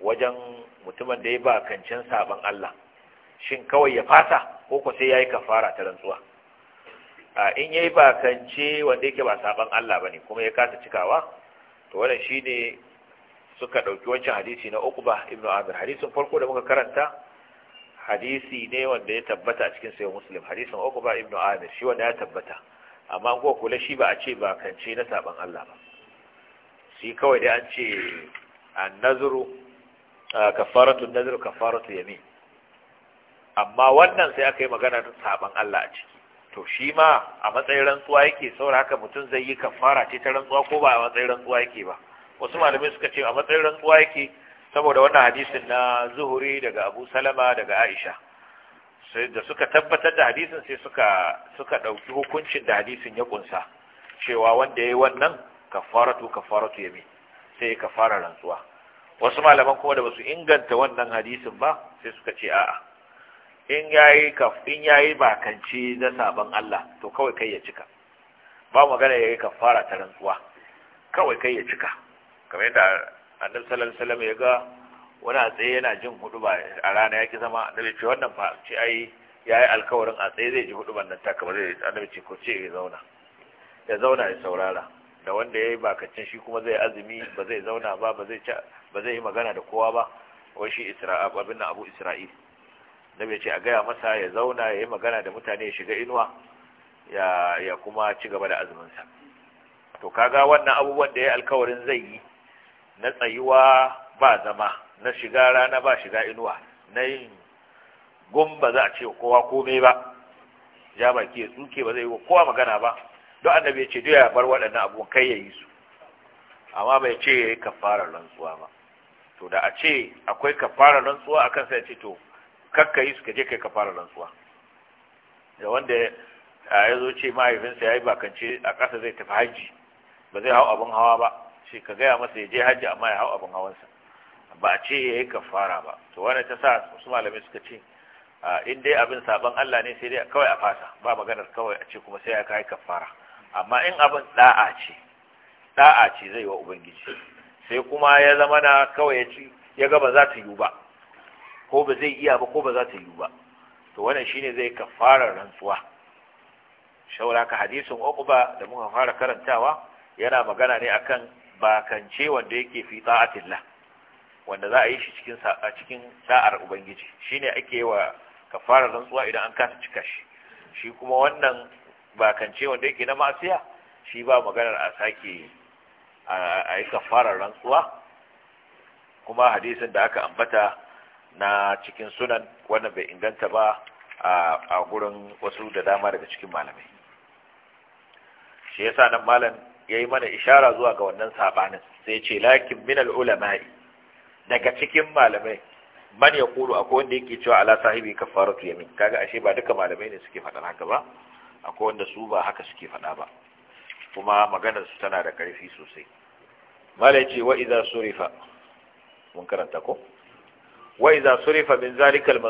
wajen mutumin da ya ba kancin saban Allah shin kawai ya fasa ko ko sai yayi kafara ta rantsuwa in yayi ba kance wanda yake ba saɓan Allah bane kuma ya kasa cikawa to wannan shine suka dauki wancan hadisi na Uqba ibn Amir hadisin farko da muka karanta hadisi ne wanda ya tabbata a cikin sahih Muslim hadisin Uqba ibn Amir shi wanda ya tabbata amma ko kula shi ba a ce ba kance na saban Allah ba shi kawai dai an ce annazru kafaratu annazru kafaratu yamin amma wannan sai aka yi magana ta saban Allah a ciki to shi ma a matsayin rantsuwa yake saboda haka mutum zai yi kafara ce ta rantsuwa ko ba a matsayin rantsuwa yake ba wasu malamai suka ce a matsayin rantsuwa yake saboda wannan hadisin na zuhuri daga Abu Salama daga Aisha sai da suka tabbatar da hadisin sai suka suka dauki hukuncin da hadisin ya kunsa cewa wanda yayi wannan kafaratu kafaratu yamin sai ya kafara rantsuwa wasu malaman kuma da basu inganta wannan hadisin ba sai suka ce a'a in yayi in yayi bakanci da saban Allah to kawai kai ya cika ba magana yayi kafara ta rantsuwa kawai kai ya cika kamar yadda annabi sallallahu alaihi wasallam ya ga wani a tsaye yana jin hudu ba a rana ya ki zama annabi ce wannan fa ce ai ya yi alkawarin a tsaye zai ji hudu ban nan taka ba zai annabi ce ko ce ya zauna ya zauna ya saurara da wanda ya yi bakacin shi kuma zai azumi ba zai zauna ba ba zai ba zai yi magana da kowa ba wai shi isra'a abin nan abu isra'il da bai ce a gaya masa ya zauna ya yi magana da mutane ya shiga inuwa ya kuma ci gaba da azuminsa to kaga wannan abubuwan da ya alkawarin zai yi na tsayuwa ba zama na shiga rana ba shiga inuwa na yin ba za a ce kowa komai ba ja baki ya tsuke ba zai yi kowa magana ba don annabi ya ce duk ya bar waɗannan abubuwan kai ya yi su amma bai ce ya yi kafarar rantsuwa ba to da a ce akwai kafarar rantsuwa a kansa ya ce to kakka yi su ka je kai kafarar rantsuwa da wanda ya zo ce mahaifinsa ya yi bakance a ƙasa zai tafi hajji ba zai hau abin hawa ba shi ka gaya masa ya je hajji amma ya hau abin hawansa ba a ce yi kafara ba to wani ta sa su malamai suka ce in dai abin sabon Allah ne sai dai kawai a fasa ba maganar kawai a ce kuma sai ya kai kafara amma in abin da'a ce da'a ce zai wa ubangiji sai kuma ya zama na kawai ya ci ya ga ba za ta yi ba ko ba zai iya ba ko ba za ta yi ba to wannan shine zai kafarar rantsuwa shaura ka hadisin uqba da muka fara karantawa yana magana ne akan bakance wanda yake fi ta'atillah wanda za a yi shi cikin a cikin sa'ar ubangiji shine ake wa kafara rantsuwa idan an kasa cika shi shi kuma wannan ba kance wanda yake na masiya shi ba maganar a sake a yi kafara rantsuwa kuma hadisin da aka ambata na cikin sunan wannan bai inganta ba a gurin wasu da dama daga cikin malamai shi yasa nan malam yayi mana ishara zuwa ga wannan saɓanin? sai ce lakin min ulama'i daga cikin malamai man ya kulu akwai wanda yake cewa ala sahibi kafaratu yamin kaga ashe ba duka malamai ne suke faɗar haka ba akwai wanda su ba haka suke faɗa ba kuma maganar su tana da ƙarfi sosai malai ce wa iza surifa mun karanta ko wa iza surifa min zalika al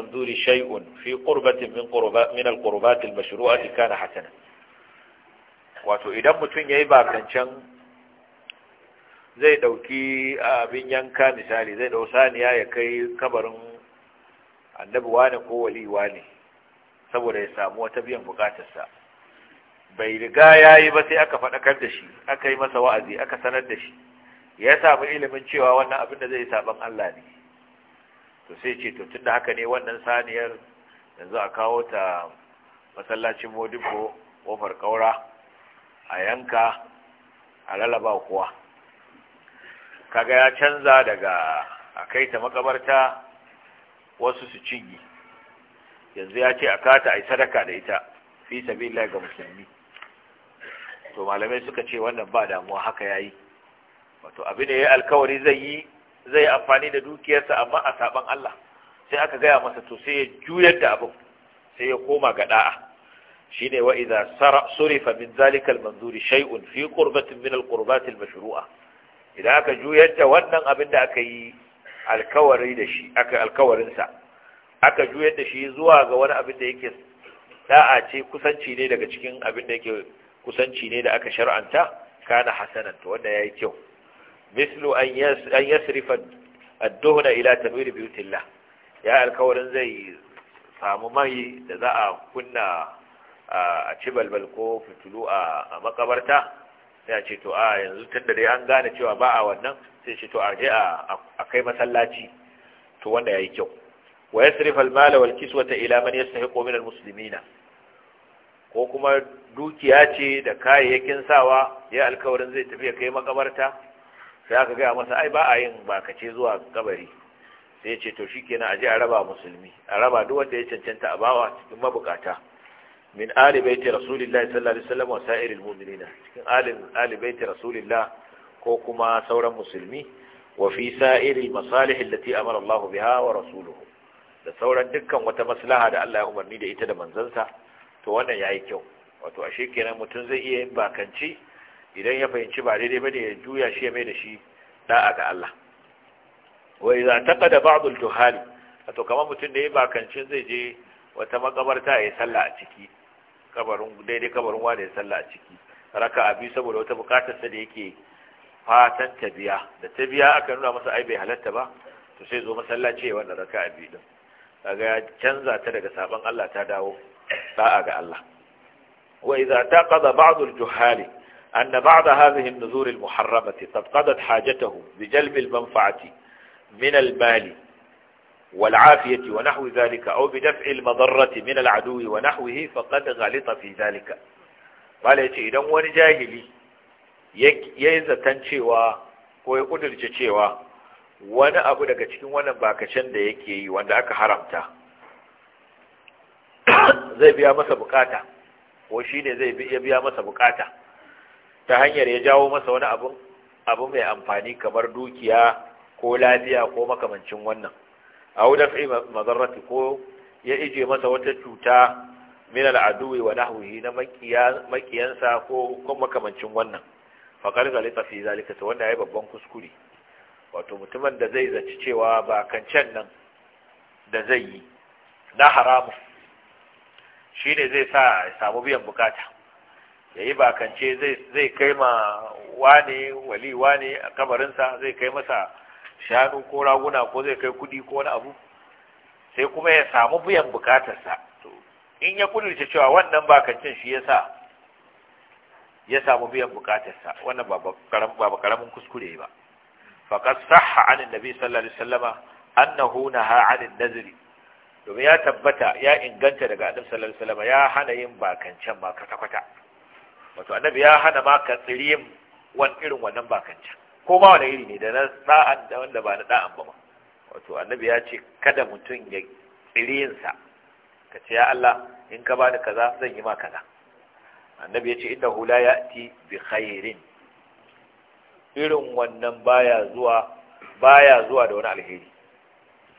shay'un fi qurbatin min qurbat min al-qurbat al-mashru'ati kana hasana wato idan mutun yayi bakancan zai dauki abin yanka misali zai dau saniya ya kai kabarin annabi wani ko wali wani saboda ya samu wata biyan bukatarsa bai riga ya yi ba sai aka faɗakar da shi aka yi masa wa'azi aka sanar da shi ya samu ilimin cewa wannan abin da zai saban Allah ne to sai ce to tunda haka ne wannan saniyar yanzu a kawo ta masallacin modibo kofar kaura a yanka a lalaba kuwa. kaga ya canza daga a kai ta makabarta wasu su cinye yanzu ya ce a kata a yi sadaka da ita fi sabi ga musulmi to malamai suka ce wannan ba damuwa haka yayi wato abin da ya alkawari zai yi zai amfani da dukiyarsa amma a saban Allah sai aka gaya masa to sai ya juyar da abin sai ya koma ga da'a shine ne wa'iza surifa min zalika al-manzuri shay'un fi qurbatin min al mashrua idan aka juyar da wannan abin da aka yi alkawari da shi aka alkawarinsa aka juyar da shi zuwa ga wani abin da yake da'a ce kusanci ne daga cikin abin da yake kusanci ne da aka shar'anta kana hasanan to wanda yayi kyau mislu an an yasrifa ad-duhna ila tanwir biyutillah ya alkawarin zai samu mai da za a kunna a ci ko fitulu a makabarta sai ce to a ah, yanzu tun da dai an gane cewa ba a wannan sai ce to a je a kai masallaci to wanda ya yi kyau wa yasrif al ta wal kiswata ila man yastahiqu min musulmi na? ko kuma dukiya ce da kayayyakin sawa ya alkawarin zai tafi ya kai makabarta sai aka gaya masa ai ba a yin ce zuwa kabari sai ya ce to shi kenan a je a raba musulmi a raba duk wanda ya cancanta a bawa cikin mabukata min ali baiti rasulillahi sallallahu alaihi wasallam wa sa'iril mu'minina cikin alin ali baiti rasulillah ko kuma sauran musulmi wa fi sa'iril masalih allati amara Allah biha wa rasuluhu da sauran dukkan wata maslaha da Allah ya umarni da ita da manzansa to wannan yayi kyau wato ashe kenan mutum zai iya yin bakanci idan ya fahimci ba daidai bane ya juya shi ya mai da shi da'a ga Allah wa idza taqada ba'd al-juhali to kamar mutum da ya bakancin zai je wata makabarta ya sallah a ciki kabarin daidai kabarin wanda ya salla a ciki raka biyu saboda wata bukatar sa da yake fatan ta biya da ta biya aka nuna masa ai bai halatta ba to sai zo masallaci ya wannan raka'a biyu din kaga ya canza ta daga saban Allah ta dawo da'a ga Allah wa idza taqada ba'd al-juhali أن بعض muharramati النذور hajatahu قد قضت حاجته بجلب المنفعة من والعافية ونحو ذلك أو بدفع المضرة من العدو ونحوه فقد غلط في ذلك قال يتي إذن وان cewa يزا تنشيوا ويقدر تشيوا wani abu daga cikin wannan bakacin da yake yi wanda aka haramta zai biya masa bukata ko shi ne zai biya masa bukata ta hanyar ya jawo masa wani abu mai amfani kamar dukiya ko lafiya ko makamancin wannan a wajen fi mazarrati ko ya ije masa wata cuta min al'aduwi wa nahwihi na makiyansa ko kuma makamancin wannan fakar galita tafi zalika to wanda yi babban kuskure wato mutumin da zai zaci cewa ba kancan nan da zai yi na haramu shine zai sa ya samu biyan bukata yayi yi bakance zai zai kai ma wani wali wani a kamarinsa zai kai masa shanu ko raguna ko zai kai kudi ko wani abu sai kuma ya samu biyan bukatarsa to in ya kudirce cewa wannan bakancin shi ya sa ya samu biyan bukatarsa wannan ba ba karamin kuskure ba faqad sahha an annabi sallallahu alaihi wasallama annahu naha 'an nazri domin ya tabbata ya inganta daga annabi sallallahu alaihi wasallama ya hana yin bakancan ma kwata kwata wato annabi ya hana ma katsirin tsirin wan irin wannan bakancan ko ba wani iri ne da na da'an da wanda ba na da'an ba ma wato annabi ya ce kada mutum ya tsiri yinsa ka ce ya Allah in ka bani kaza zan yi ma kaza annabi ya ce inda hula ya ti bi khairin irin wannan baya zuwa baya zuwa da wani alheri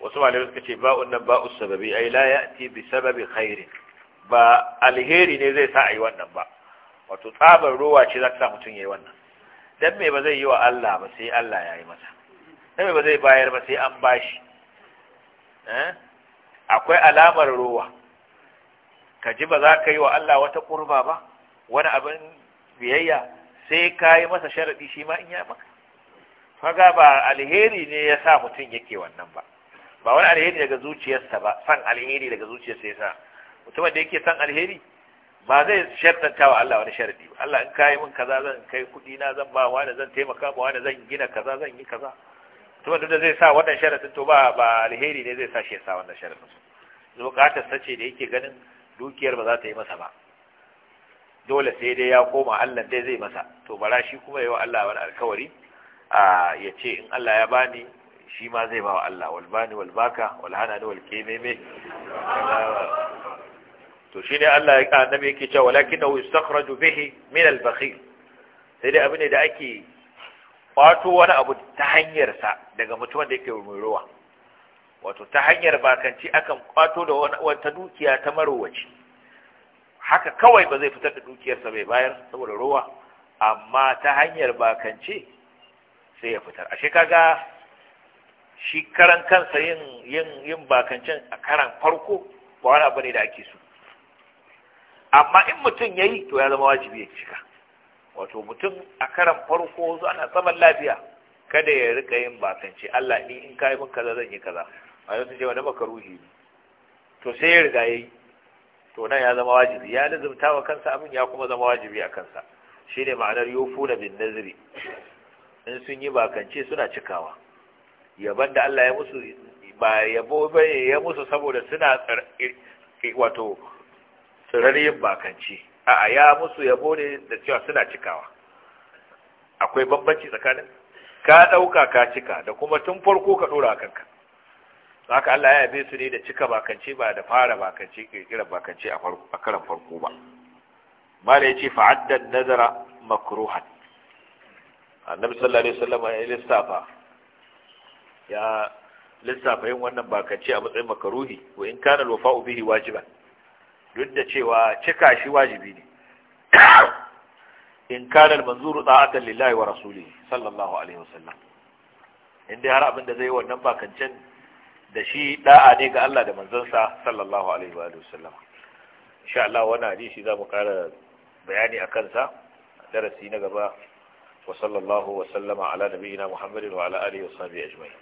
wasu malamai suka ce ba wannan ba sababi ai la ya'ti bi sababi khairin ba alheri ne zai sa a yi wannan ba wato tsabar ruwa ce za ka sa mutum ya yi wannan dan me ba zai yi wa Allah ba sai Allah ya yi masa dan me ba zai bayar ba sai an bashi eh akwai alamar ruwa ka ji ba za ka yi wa Allah wata kurba ba wani abin biyayya sai ka yi masa sharadi shi ma in ya maka faga ba alheri ne ya sa mutum yake wannan ba ba wani alheri daga zuciyarsa ba san alheri daga zuciyarsa ya sa mutumin da yake san alheri ba zai shartanta wa Allah wani sharadi ba Allah in kai min kaza zan kai kudi na zan ba wani zan taimaka ba wani zan gina kaza zan yi kaza to ba da zai sa wannan sharadin to ba ba alheri ne zai sa shi ya sa wannan sharadin zo ta sace da yake ganin dukiyar ba za ta yi masa ba dole sai dai ya koma Allah dai zai masa to bara shi kuma yayi wa Allah wani alkawari a ya ce in Allah ya bani shi ma zai ba wa Allah wal bani walhanani baka to ne Allah ya annabi yake cewa walakinahu sakura bihi min al sai dai abu ne da ake kwato wani abu ta hanyar sa daga mutum da yake ruwa wato ta hanyar bakanci akan kwato da wata dukiya ta marowaci haka kawai ba zai fitar da dukiyarsa bai bayar saboda ruwa amma ta hanyar bakanci sai ya fitar ashe kaga shi karan kansa yin yin yin bakancin a karan farko ba wani abu ne da ake so amma in mutum ya yi to ya zama wajibi ya cika wato mutum a karan farko zuwa ana saman lafiya kada ya rika yin bakance Allah ni in kayi min kaza zan yi kaza a yau sun ce wani makaruhi ne to sai ya riga ya yi to nan ya zama wajibi ya lazumta wa kansa abin ya kuma zama wajibi a kansa shi ne ma'anar yofuna bin naziri in sun yi bakance suna cikawa yaban da Allah ya musu ba yabo ba ya musu saboda suna wato tsirar yin bakanci a'a ya musu yabo ne da cewa suna cikawa akwai bambanci tsakanin ka ɗauka ka cika da kuma tun farko ka ɗora a kanka haka Allah ya yabe su ne da cika bakanci ba da fara bakanci kirkirar bakanci a karan farko ba mala ya ce fa'addan nazara makruhan annabi sallallahu alaihi wasallam ya lissafa ya lissafa yin wannan bakanci a matsayin makaruhi wa in kana alwafa'u bihi wajiban duk da cewa cika shi wajibi ne in kana manzuru ta'atan lillahi wa rasuli sallallahu alaihi wasallam inda har abin da zai wannan bakancin da shi da'a ne ga Allah da manzansa sallallahu alaihi wa sallam insha Allah wannan hadisi za mu kara bayani a kansa darasi na gaba wa sallallahu wa sallama ala nabiyina Muhammadin wa ala alihi wa sahbihi ajma'in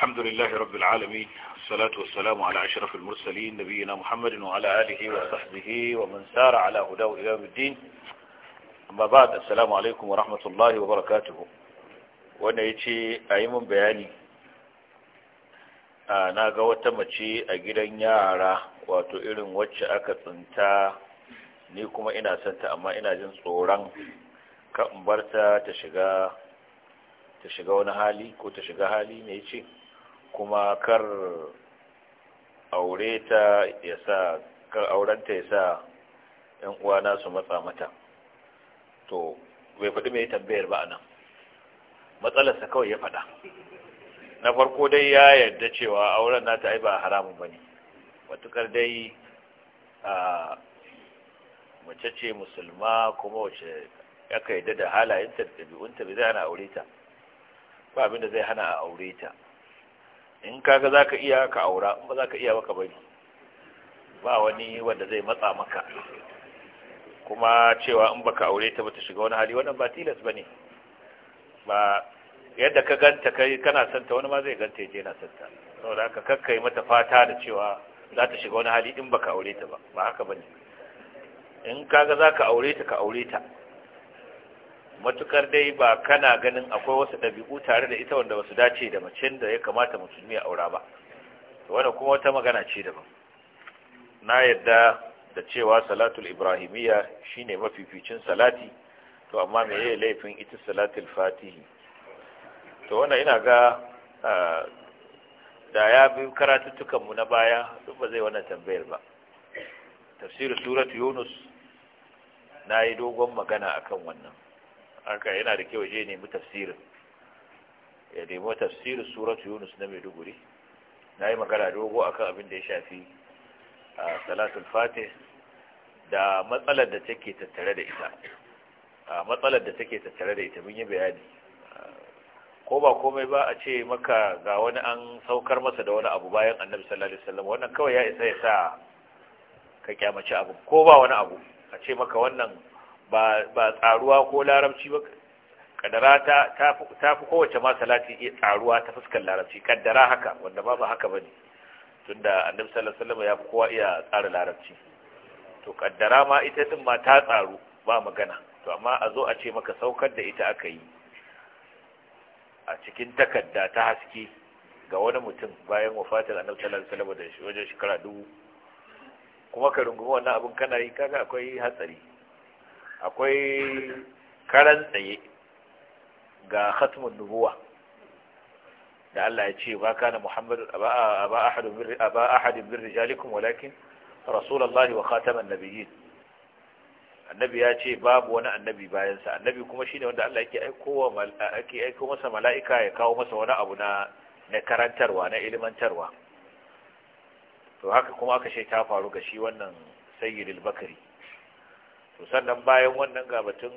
الحمد لله رب العالمين والصلاة والسلام على أشرف المرسلين نبينا محمد وعلى آله وصحبه ومن سار على هداه إلى الدين أما بعد السلام عليكم ورحمة الله وبركاته وانا يتي أيم بياني na ga wata mace a gidan yara wato irin wacce aka tsinta ni kuma ina santa amma ina jin tsoron ka in barta ta shiga ta shiga wani hali ko ta shiga hali mai ce kuma kar aure ta ya sa kar aurenta ya sa ‘yan uwana su matsa mata to bai faɗi mai tambayar ba nan matsalarsa kawai ya faɗa na farko dai ya yarda cewa auren nata ai ba haramun bane ne matukar dai a mace ce musulma kuma wace aka yarda da halayenta da ɗabi'unta bai zai hana aure ta ba abinda zai hana a aure ta in kaga za ka iya ka aura in ba za ka iya ba ka bari ba wani wanda zai matsa maka kuma cewa in baka aure ta ba ta shiga wani hali wannan ba tilas ba ne ba yadda ka ganta kai kana santa wani ma zai ganta yaje yana santa saboda haka kakkai mata fata da cewa za ta shiga wani hali in baka aure ta ba ba haka bane in kaga za ka aure ta ka aure ta matukar dai ba kana ganin akwai wasu ɗabi'u tare da ita wanda basu dace da macen da ya kamata musulmi a aura ba wanda kuma wata magana ce daban na yadda da cewa salatul ibrahimiyya shine mafificin salati to amma me yayi laifin ita salatul fatihi to wannan ina ga da ya bi karatuttukan mu na baya duk ba zai wannan tambayar ba Tafsirin suratu yunus nayi dogon magana akan wannan ka yana da kyau je nemi tafsirin ya nemi tafsirin suratu yunus na maiduguri na yi magana dogo akan abin da ya shafi a salatul fatih da matsalar da take tattare da ita a matsalar da take tattare da ita mun yi bayani ko ba komai ba a ce maka ga wani an saukar masa da wani abu bayan annabi sallallahu alaihi wasallam wannan kawai ya isa ya sa ka kyamaci abu ko ba wani abu a ce maka wannan ba tsaruwa ko larabci ba kadara ta fi kowace ma salati iya tsaruwa ta fuskar larabci kaddara haka wanda ba ba haka ba ne tunda annabi sallallahu alaihi ya fi kowa iya tsara larabci to kaddara ma ita din ma ta tsaru ba magana to amma a zo a ce maka saukar da ita aka yi a cikin takarda ta haske ga wani mutum bayan wafatar annabi sallallahu alaihi wasallam da wajen shekara dubu kuma ka rungumi wannan abin kana yi kaga akwai hatsari akwai karan tsaye ga khatmun nubuwa da Allah ya ce ba kana muhammadu aba ahadin bin rijalikum walakin rasulullahi wa khataman nabiyyin annabi ya ce babu wani annabi bayansa annabi kuma shine wanda Allah yake aikowa ake aiko masa mala'ika ya kawo masa wani abu na na karantarwa na ilimantarwa to haka kuma aka shaita faru ga shi wannan sayyidul bakari to sannan bayan wannan ga batun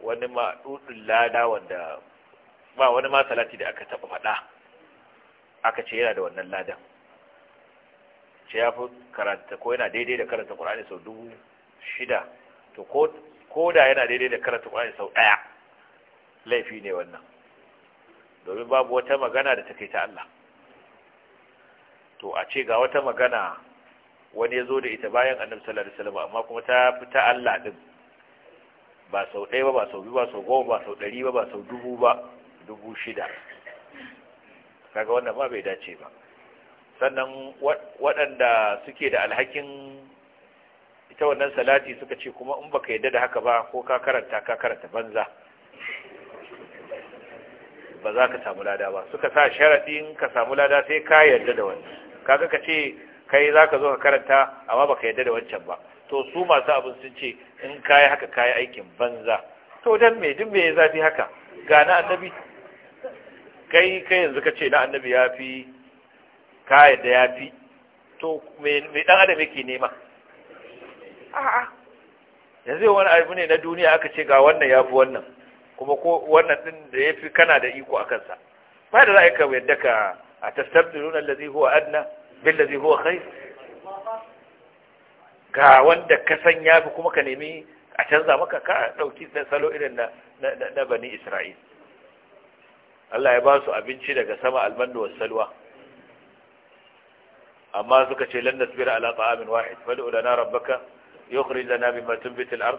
wani maɗuɗin lada wanda ba wani ma salati da aka taɓa faɗa aka ce yana da wannan ladan ce ya fi karanta ko yana daidai da karanta ƙur'ani sau dubu shida to ko da yana daidai da karanta ƙur'ani sau ɗaya laifi ne wannan domin babu wata magana da ta kai ta Allah to a ce ga wata magana wani ya zo da ita bayan annabi sallallahu alaihi wasallam amma kuma ta fita Allah din ba sau ɗaya ba ba sau biyu ba sau goma ba sau ɗari ba ba sau dubu ba dubu shida kaga wannan ba bai dace ba sannan waɗanda suke da alhakin ita wannan salati suka ce kuma in baka yadda da haka ba ko ka karanta ka karanta banza ba za ka samu lada ba suka sa sharaɗin ka samu lada sai ka yadda da wannan kaga ka ce kai za ka zo ka karanta amma baka yadda da wancan ba to su masu abin sun ce in kayi haka kayi aikin banza to dan me duk me ya zafi haka ga na annabi kai kai yanzu ka ce na annabi ya fi ka yadda ya fi to me dan adam yake nema a'a yanzu wani abu ne na duniya aka ce ga wannan ya fi wannan kuma ko wannan din da ya fi kana da iko a kansa ba da za a yi ka yadda ka a tastabdilun allazi huwa adna billazi huwa khair ga wanda ka san yafi kuma ka nemi a canza maka ka dauki salo irin na na bani Isra'il Allah ya ba su abinci daga sama almandu was salwa amma suka ce lan nasbira ala ta'amin wahid fad'u lana rabbaka yukhrij lana bima tunbitu al-ard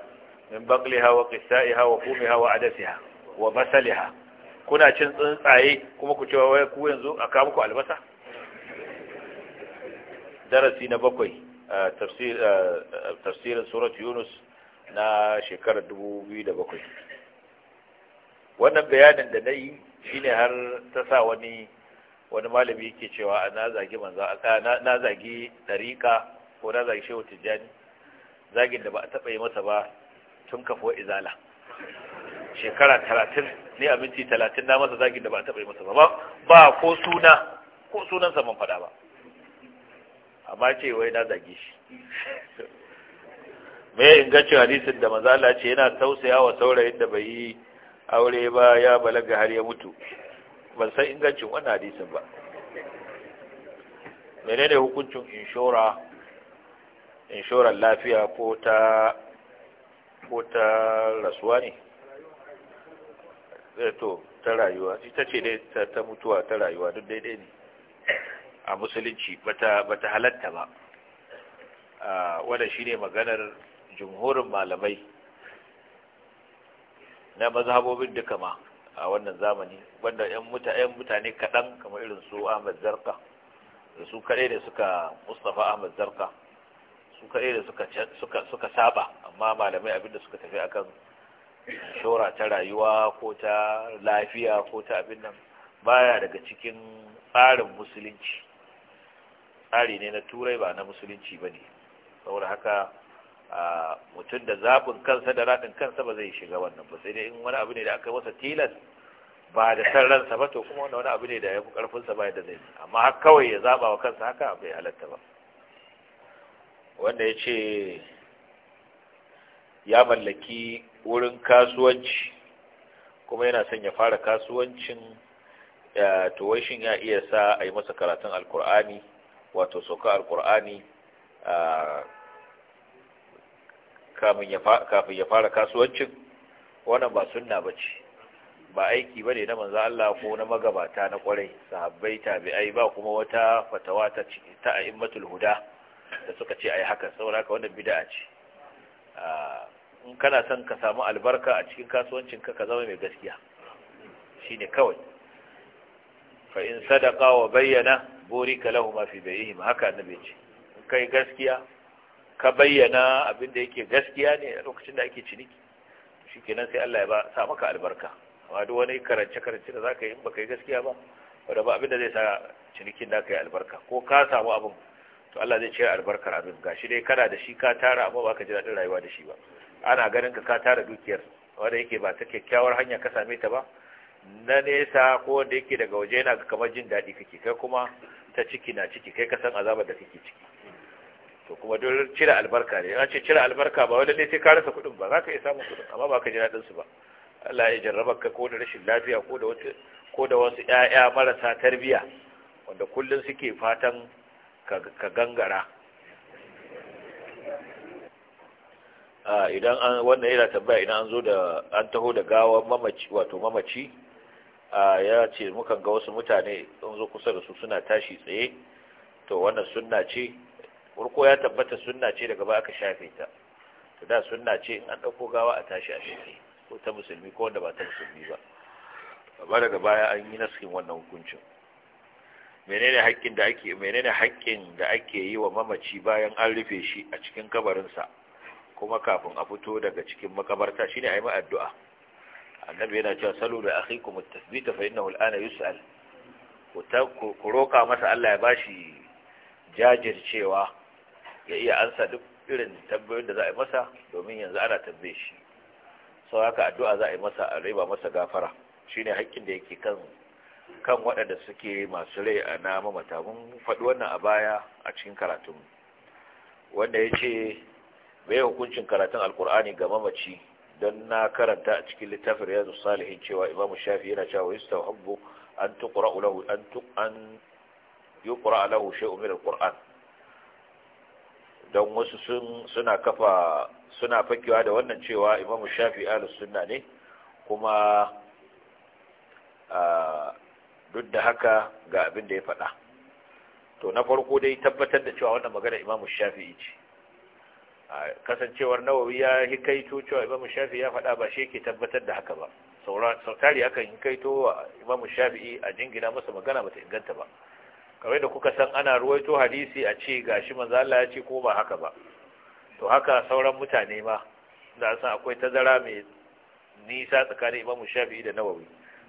min baqliha wa qisaiha wa fumiha wa adasiha wa basaliha kuna cin tsuntsaye kuma ku ce wai ku yanzu a ka muku albasa darasi na bakwai tafsirin surat yunus na shekarar 2007 wannan bayanin da na yi shine har ta sa wani wani malami yake cewa na zagi manzo na zagi dariƙa ko na zagi shehu tijjani zagin da ba a taɓa yi masa ba tun kafo izala shekara talatin ne a minti talatin na masa zagin da ba a taɓa yi masa ba ba ko suna ko sunansa man faɗa ba amma ce wai na zage shi me ingancin hadisin da maza Allah ce yana tausaya wa saurayin da bai yi aure ba ya balaga har ya mutu ban san ingancin wannan hadisin ba menene hukuncin inshora inshorar lafiya ko ta ko ta rasuwa ne eh to ta rayuwa ita ce dai ta mutuwa ta rayuwa duk daidai ne a musulunci bata halatta ba wadda shi ne maganar jumhurin malamai na mazhabobin duka ma a wannan zamani wanda 'yan mutane kaɗan kamar irin su ahmad zarka da su kaɗai da suka mustapha ahmad zarka su kaɗai da suka saba amma malamai abinda suka tafi akan shora ta rayuwa ko ta lafiya ko ta abin nan baya daga cikin tsarin musulunci tsari ne na turai ba na musulunci ba ne saboda haka mutum da zaɓin kansa da raɗin kansa ba zai shiga wannan ba sai dai in wani abu ne da aka masa tilas ba da san ransa ba to kuma wani abu ne da ya fi ƙarfinsa ba yadda zai amma har kawai ya zaɓa wa kansa haka bai halatta ba wanda ya ce ya mallaki wurin kasuwanci kuma yana son ya fara kasuwancin to ya iya sa a yi masa karatun alkur'ani wato sauka alkur'ani kafin ya fara kasuwancin wannan ba sunna ba ce ba aiki ba ne na manzan Allah ko na magabata na kwarai sahabbai tabi'ai ba kuma wata fatawa ta ta'immatul huda da suka ce ai haka saboda ka wannan bid'a ce in kana son ka samu albarka a cikin kasuwancin ka ka zama mai gaskiya shine kawai fa in sadaqa wa bayyana lahu mafi bai bayhim haka annabi ce kai gaskiya ka bayyana abin da yake gaskiya ne a lokacin da ake ciniki shikenan sai Allah ya ba sa maka albarka amma duk wani karance karance da zaka yi in baka yi gaskiya ba wanda ba abin da zai sa cinikin da ka yi albarka ko ka samu abin to Allah zai ce albarkar abin gashi dai kana da shi ka tara amma baka ji daɗin rayuwa da shi ba ana ganin ka ka tara dukiyar wanda yake ba ta kyakkyawar hanya ka same ta ba na nesa ko wanda yake daga waje yana kamar jin daɗi kake kai kuma ta ciki na ciki kai ka san azabar da kake ciki to kuma dole cire albarka ne an ce cire albarka ba wanda sai ka rasa kuɗin ba za ka iya samun kuɗin amma ba ka ji daɗin su ba Allah ya jarraba ka ko da rashin lafiya ko da wata ko da wasu ƴaƴa marasa tarbiya wanda kullun suke fatan ka gangara ah, idan an wannan yana tambaya idan an zo da an taho da gawa mamaci wato mamaci ya ce mukan ga wasu mutane sun zo kusa da su suna tashi tsaye to wannan sunna ce Warko ya tabbata sunna ce daga ba aka shafe ta to da sunna ce an dauko gawa a tashi a shafe ko ta musulmi ko wanda ba ta musulmi ba amma daga baya an yi naskin wannan hukuncin menene haƙƙin da ake menene haƙƙin da ake yi wa mamaci bayan an rufe shi a cikin kabarinsa kuma kafin a fito daga cikin makabarta shine a yi addu'a annabi yana cewa salu da akhi ku tathbita fa innahu al-ana yus'al ku roka masa Allah ya bashi jajircewa ya iya ansa duk irin tambayoyin da za a yi masa domin yanzu ana tambaye shi sau haka addu'a za a yi masa a riba masa gafara shine haƙƙin da yake kan kan waɗanda suke masu rai a na mamata mun faɗi wannan a baya a cikin karatun wanda ya ce bai hukuncin karatun alkur'ani ga mamaci don na karanta a cikin littafin riyadu salihin cewa imamu shafi yana cewa yustahabbu an tuqra lahu an an yuqra lahu shay'un min alquran don wasu suna kafa suna fakewa da wannan cewa imamu shafi ahlus sunna ne kuma duk da haka ga abin da ya faɗa to na farko dai tabbatar da cewa wannan magana imamu shafi ce kasancewar nawawi ya hikaito cewa imamu shafi ya faɗa ba shi yake tabbatar da haka ba sautari akan hikaito wa imamu shafi'i a jingina masa magana bata inganta ba kamar da kuka san ana ruwaito hadisi a ce ga shi Allah ya ce ko ba haka ba to haka sauran mutane ma da san akwai tazara mai nisa tsakanin imamu shafi'i da nawawi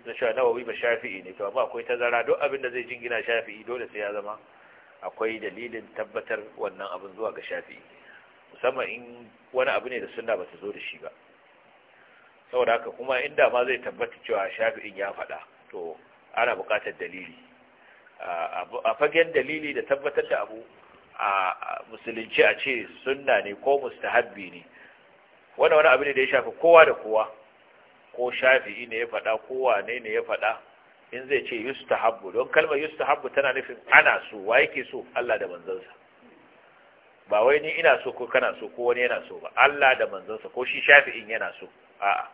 da cewa nawawi ba shafi'i ne to amma akwai tazara duk abin da zai jingina shafi'i dole sai ya zama akwai dalilin tabbatar wannan abin zuwa ga shafi'i musamman in wani abu ne da sunna ba ta zo da shi ba saboda haka kuma inda ma zai tabbata cewa shafi'in ya faɗa to ana buƙatar dalili a fagen dalili da tabbatar da abu a musulunci a ce sunna ne ko mustahabbi ne wani wani abu ne da ya shafi kowa da kowa ko shafi'i ne ya faɗa ko wane ne ya faɗa in zai ce yustahabbu don kalmar yustahabbu tana nufin ana so wa yake so Allah da manzansa ba wai ni ina so ko kana so ko wani yana so ba Allah da manzansa ko shi shafi'in yana so a'a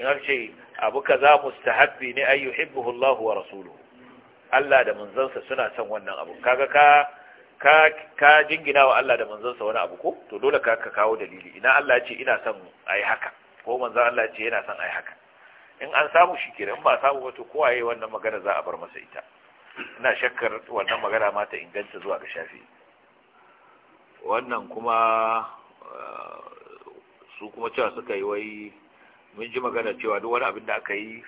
in aka ce abu kaza mustahabbi ne ay yuhibbuhu Allahu wa rasuluhu Allah da manzansa suna son wannan abu kaga ka ka ka jingina wa Allah da manzansa wani abu ko to dole ka ka kawo dalili ina Allah ya ce ina son ai haka ko manzon Allah ya ce yana son ai haka in an samu shi in ba samu ba to kowaye wannan magana za a bar masa ita ina shakkar wannan magana ma ta inganta zuwa ga shafi'i wannan kuma eh, su kuma cewa suka yi wai mun ji magana cewa duk wani abin da aka yi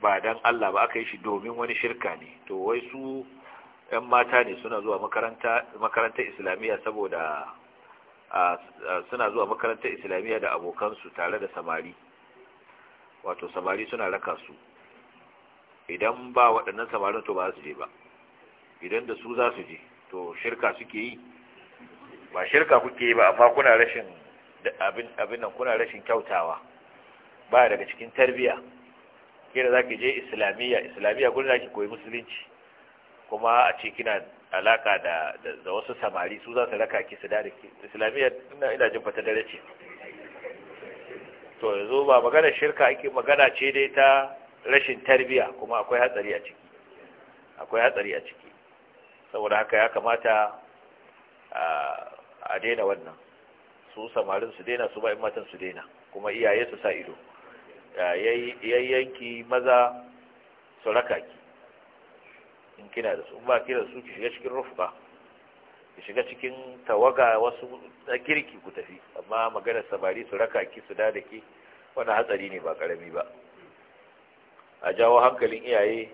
ba dan Allah ba aka yi shi domin wani shirka ne to wai su ‘yan mata ne suna zuwa makarantar islamiyya saboda suna zuwa makarantar islamiyya da abokansu tare da samari wato samari suna raka su idan ba waɗannan samarin to ba su je ba idan da su za su je to shirka suke yi ba shirka kuke yi ba amma kuna rashin abin nan kuna rashin kyautawa ba daga cikin tarbiya kira za ki je islamiyya islamiyya gudun ki koyi musulunci kuma a ce kina alaka da wasu samari su za su raka ki su da ki islamiyya ina ina jin fata dare ce to yanzu ba magana shirka ake magana ce dai ta rashin tarbiya kuma akwai hatsari a ciki akwai hatsari a ciki saboda haka ya kamata ah, a daina wannan su samarin su daina su bayan matan su daina kuma iyaye su sa ido yanki maza su raka ki in kina da su ba kira su ki shiga cikin rufka ki shiga cikin tawaga wasu na kirki ku tafi amma maganar samari su raka ki su da ki wani hatsari ne ba karami ba a jawo hankalin iyaye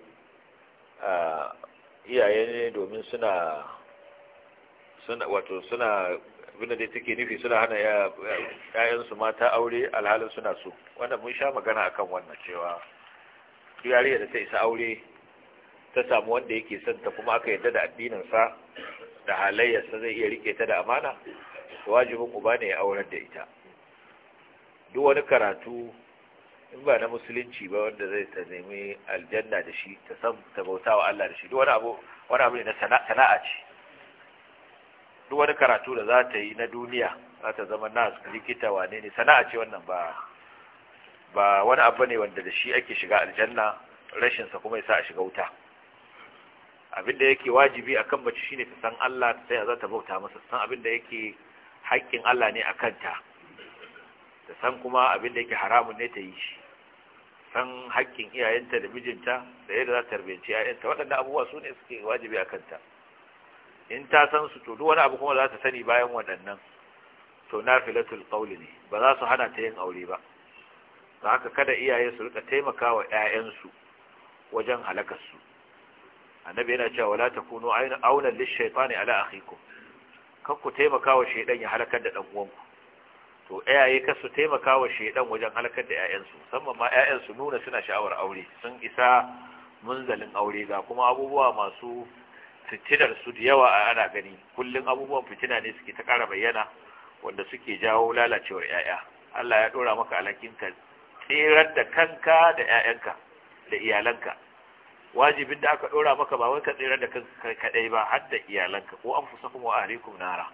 iyaye ne domin suna suna wato suna abinda dai take nufi suna hana ‘ya'yansu mata aure alhalin suna so wanda mun sha magana akan wannan cewa yariya da ta isa aure ta samu wanda yake son ta kuma aka yadda da addinin sa da halayyarsa zai iya rike ta da amana wajibin uba ne ya aurar da ita duk wani karatu in ba na musulunci ba wanda zai ta nemi aljanna da shi ta san ta bauta Allah da shi duk wani abu wani abu ne na sana'a ce duk wani karatu da za ta yi na duniya za ta zama nas likita wane ne sana'a ce wannan ba ba wani abu ne wanda da shi ake shiga aljanna rashinsa kuma yasa a shiga wuta abin da yake wajibi akan mace shine ta san Allah ta sai za ta bauta masa san abin da yake haƙƙin Allah ne a kanta ta san kuma abin da yake haramun ne ta yi shi san haƙƙin iyayenta da mijinta da yadda za ta tarbiyyanci iyayenta waɗannan abubuwa su ne suke wajibi a kanta in ta san su to duk wani abu kuma za ta sani bayan waɗannan to nafilatul qawli ne ba za su hana ta yin aure ba ba haka kada iyaye su rika taimakawa ƴaƴansu wajen halakar su annabi yana cewa wala takunu auna lishaytani ala akhikum kan ku taimaka taimakawa shaydan ya halakar da dan uwanku to iyaye ka su taimaka wa shaydan wajen halakar da ƴaƴansu musamman ma ƴaƴansu nuna suna sha'awar aure sun isa munzalin aure ga kuma abubuwa masu fitinar su da yawa ana gani kullum abubuwan fitina ne suke ta ƙara bayyana wanda suke jawo lalacewar 'ya'ya Allah ya ɗora maka alhakin ka tserar da kanka da 'ya'yanka da iyalanka wajibin da aka ɗora maka ba wai ka tserar da kanka kadai ba har da iyalanka ko an fusa kuma ahlikum nara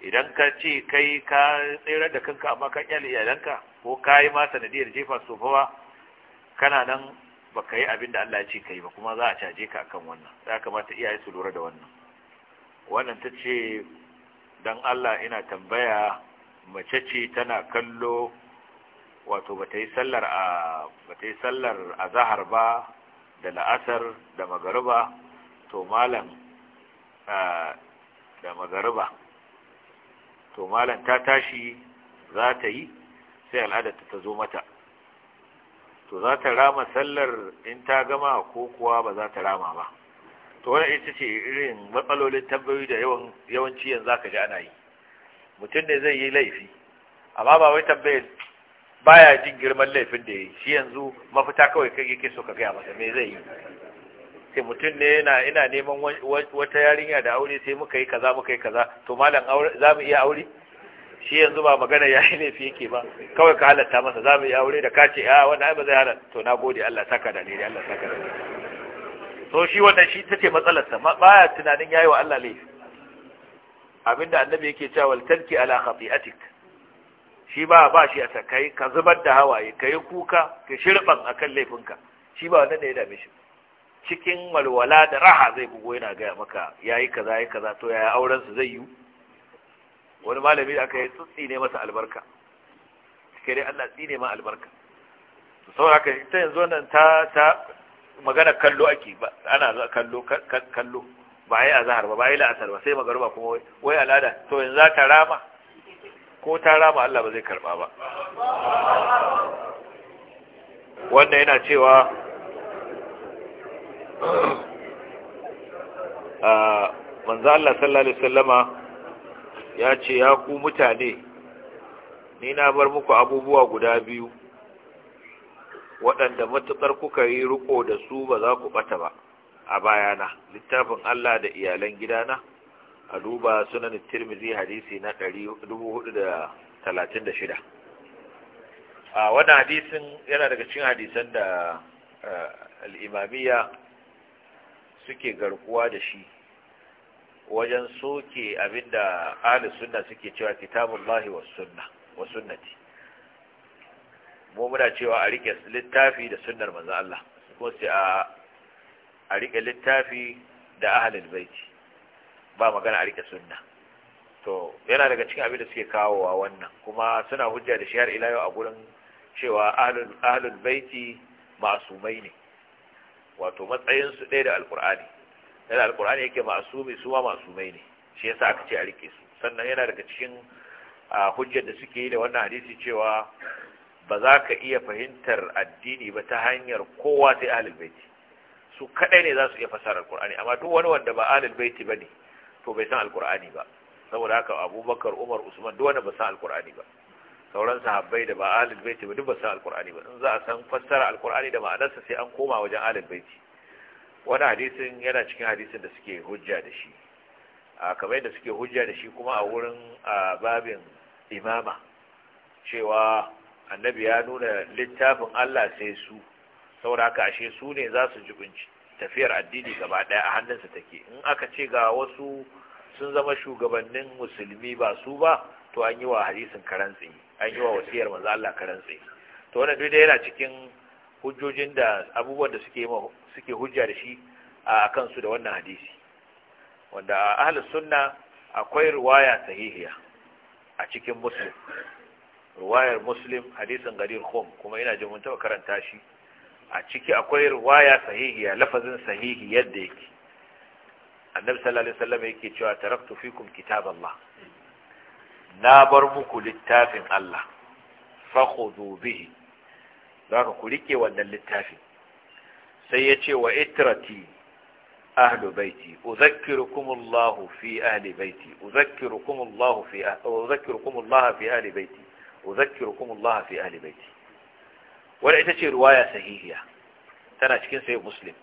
idan ka ce kai ka tserar da kanka amma ka kyale iyalanka ko ka yi ma sanadiyar jefa sofawa kana nan ba ka yi abin da Allah ya ce ka yi ba kuma za a caje ka akan wannan ya kamata iyaye su lura da wannan wannan ta ce don Allah ina tambaya mace ce tana kallo wato ba ta yi sallar a ba ta yi sallar a ba da la'asar da magariba to malam da magariba to malam ta tashi za ta yi sai al'adar ta zo mata to za ta rama sallar in ta gama ko kuwa ba za ta rama ba to wani ita ce irin matsalolin tambayoyi da yawanci yanzu za ka ji ana yi mutum ne zai yi laifi amma ba wai tambayar baya jin girman laifin da ya yi shi yanzu mafita kawai kai yake so ka gaya masa me zai yi sai mutum ne yana ina neman wata yarinya da aure sai muka yi kaza muka yi kaza to malam za mu iya aure shi yanzu ba magana ya yi laifi yake ba kawai ka halatta masa za mu yi aure da kace a ah, Wani ai ba zai halatta to na gode Allah saka da ne Allah saka da ne so shi wannan shi tace matsalar sa baya tunanin yayi wa Allah laifi abinda annabi yake cewa wal tanki ala khati'atik shi ba ba shi a sakai ka zubar da hawaye kai kuka ka shirban akan laifinka shi ba wannan ne ya dame shi cikin walwala da raha zai bugo yana gaya maka yayi kaza yayi kaza to yaya auren su zai yi wani malami da aka yi sun tsine masa albarka suke dai Allah tsine ma albarka to saboda haka ita yanzu wannan ta ta magana kallo ake ba ana kallo kallo ba yi zahar ba ba yi la'asar ba sai magaruba kuma wai wai alada to yanzu za ta rama ko ta rama Allah ba zai karba ba wanda yana cewa ah, manzo Allah sallallahu alaihi wasallama ya ce ya ku mutane ni na bar muku abubuwa guda biyu waɗanda matuƙar kuka yi riko da su ba za ku ɓata ba a bayana littafin Allah da iyalan gidana a duba sunan tirmizi hadisi na 436 a wannan hadisin yana daga cikin hadisan da eh, al'imamiya suke garkuwa da shi wajen soke abinda ahli sunna suke cewa kitabullahi was sunna wa sunnati mu muna cewa a rike littafi da sunnar manzo Allah ko sai a a rike littafi da ahli baiti ba magana a rike sunna to yana daga cikin abinda suke suke kawowa wannan kuma suna hujja da shiyar ilayo a gurin cewa ahlul ahlul baiti masumai ne wato matsayin su ɗaya da alqur'ani yana alkur'ani yake masumi suwa mai ne shi yasa aka ce a rike su sannan yana daga cikin hujjar da suke yi da wannan hadisi cewa ba za ka iya fahimtar addini ba ta hanyar kowa sai ahlul baiti su kadai ne za su iya fasar alkur'ani amma duk wani wanda ba ahlul baiti bane to bai san alkur'ani ba saboda haka abubakar umar usman duk wani ba san alkur'ani ba sauran sahabbai da ba ahlul baiti ba duk ba san alkur'ani ba in za a san fassara alkur'ani da ma'anarsa sai an koma wajen ahlul baiti wani hadisin yana cikin hadisin da suke hujja da shi kamar yadda suke hujja da shi kuma a wurin babin imama cewa annabi ya nuna littafin Allah sai su saboda haka ashe su ne za su jibinci tafiyar addini gaba daya a hannunsa take in aka ce ga wasu sun zama shugabannin musulmi ba su ba to an yi wa hadisin karantsi an yi wa wasiyar manzo Allah karantsi to wannan duk yana cikin hujjojin da abubuwan da suke suke hujja da shi a kansu da wannan hadisi wanda a ahlus sunna akwai riwaya sahihiya a cikin muslim riwayar muslim hadisin gadir khum kuma ina jin mun taɓa karanta shi a ciki akwai riwaya sahihiya lafazin sahihi yadda yake annabi sallallahu alaihi wasallam yake cewa taraktu fikum kitaballah na bar muku littafin Allah khudhu bihi zaka ku rike wannan littafin sai ya ce wa itrati ahlu baiti uzakkirukumullahu fi ahli baiti uzakkirukumullahu fi uzakkirukumullahu fi ahli baiti uzakkirukumullahu fi ahli baiti wanda ita ce riwaya sahihiya tana cikin sahih muslim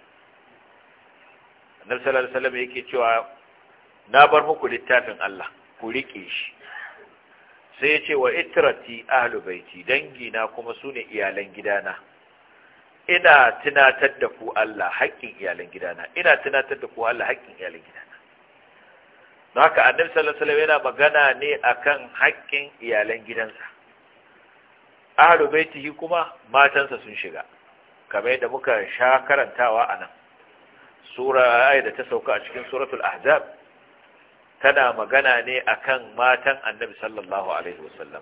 annabi sallallahu alaihi wasallam yake cewa na bar muku littafin Allah ku riƙe shi sai ya ce wa itrati ahlu baiti dangi na kuma sune iyalan gidana ina tunatar da ku Allah haƙƙin iyalan gidana ina tunatar da ku Allah haƙƙin iyalan gidana don haka annabi sallallahu alaihi wasallam yana magana ne akan haƙƙin iyalan gidansa ahlu baitihi kuma matansa sun shiga kamar yadda muka sha karantawa anan sura ayat da ta sauka a cikin suratul ahzab tana magana ne akan matan annabi sallallahu alaihi wasallam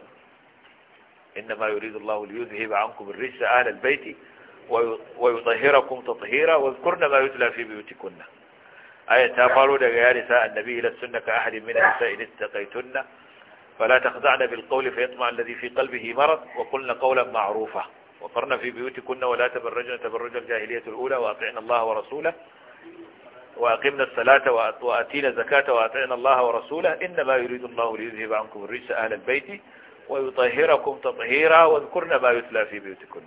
inna ma yuridu Allahu yuzhiba ankum ar-rijsa ahla al-baiti ويطهركم تطهيرا واذكرن ما يتلى في بيوتكن آية تافارو دقى يا نساء النبي السنه كأحد من النساء إن اتقيتن فلا تخضعن بالقول فيطمع الذي في قلبه مرض وقلن قولا معروفا وقرن في بيوتكن ولا تبرجن تبرج الجاهلية الأولى وأطعن الله ورسوله وأقمنا الصلاة وآتينا الزكاة وأطعن الله ورسوله إنما يريد الله ليذهب عنكم الرجس أهل البيت ويطهركم تطهيرا واذكرن ما يتلى في بيوتكن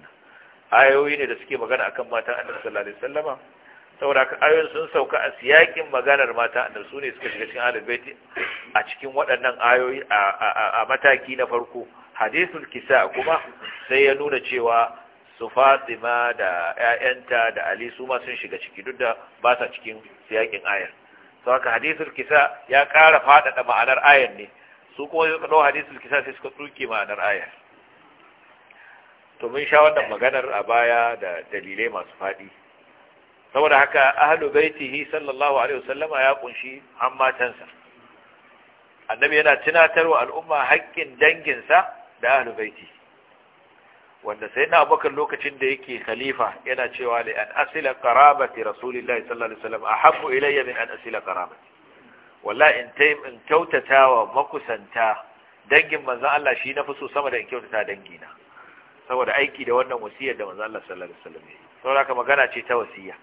ayoyi ne da suke magana akan matan annabi sallallahu alaihi wasallama saboda haka ayoyin sun sauka a siyakin maganar mata annabi su ne suka shiga cikin ahlul baiti a cikin waɗannan ayoyi a mataki na farko hadisul kisa kuma sai ya nuna cewa su Fatima da ƴaƴanta da Ali su ma sun shiga ciki duk da ba sa cikin siyakin ayar sau haka hadisul kisa ya ƙara faɗaɗa ma'anar ayar ne su kuma yau ɗau hadisul kisa sai suka tsuke ma'anar ayar to mun sha wannan maganar a baya da dalilai masu faɗi saboda haka ahlu baitihi sallallahu alaihi wasallama ya kunshi hammatansa annabi yana tunatarwa al'umma haƙƙin danginsa da ahlu baiti wanda sai na abokan lokacin da yake khalifa yana cewa li an asila qarabati rasulillahi sallallahu alaihi wasallam ahabbu ilayya min an asila qarabati wallahi in taim in kyautatawa makusanta dangin manzon Allah shi nafi so sama da in kyautata dangina saboda aiki da wannan wasiyar da manzo Allah sallallahu alaihi wasallam saboda haka magana ce ta wasiya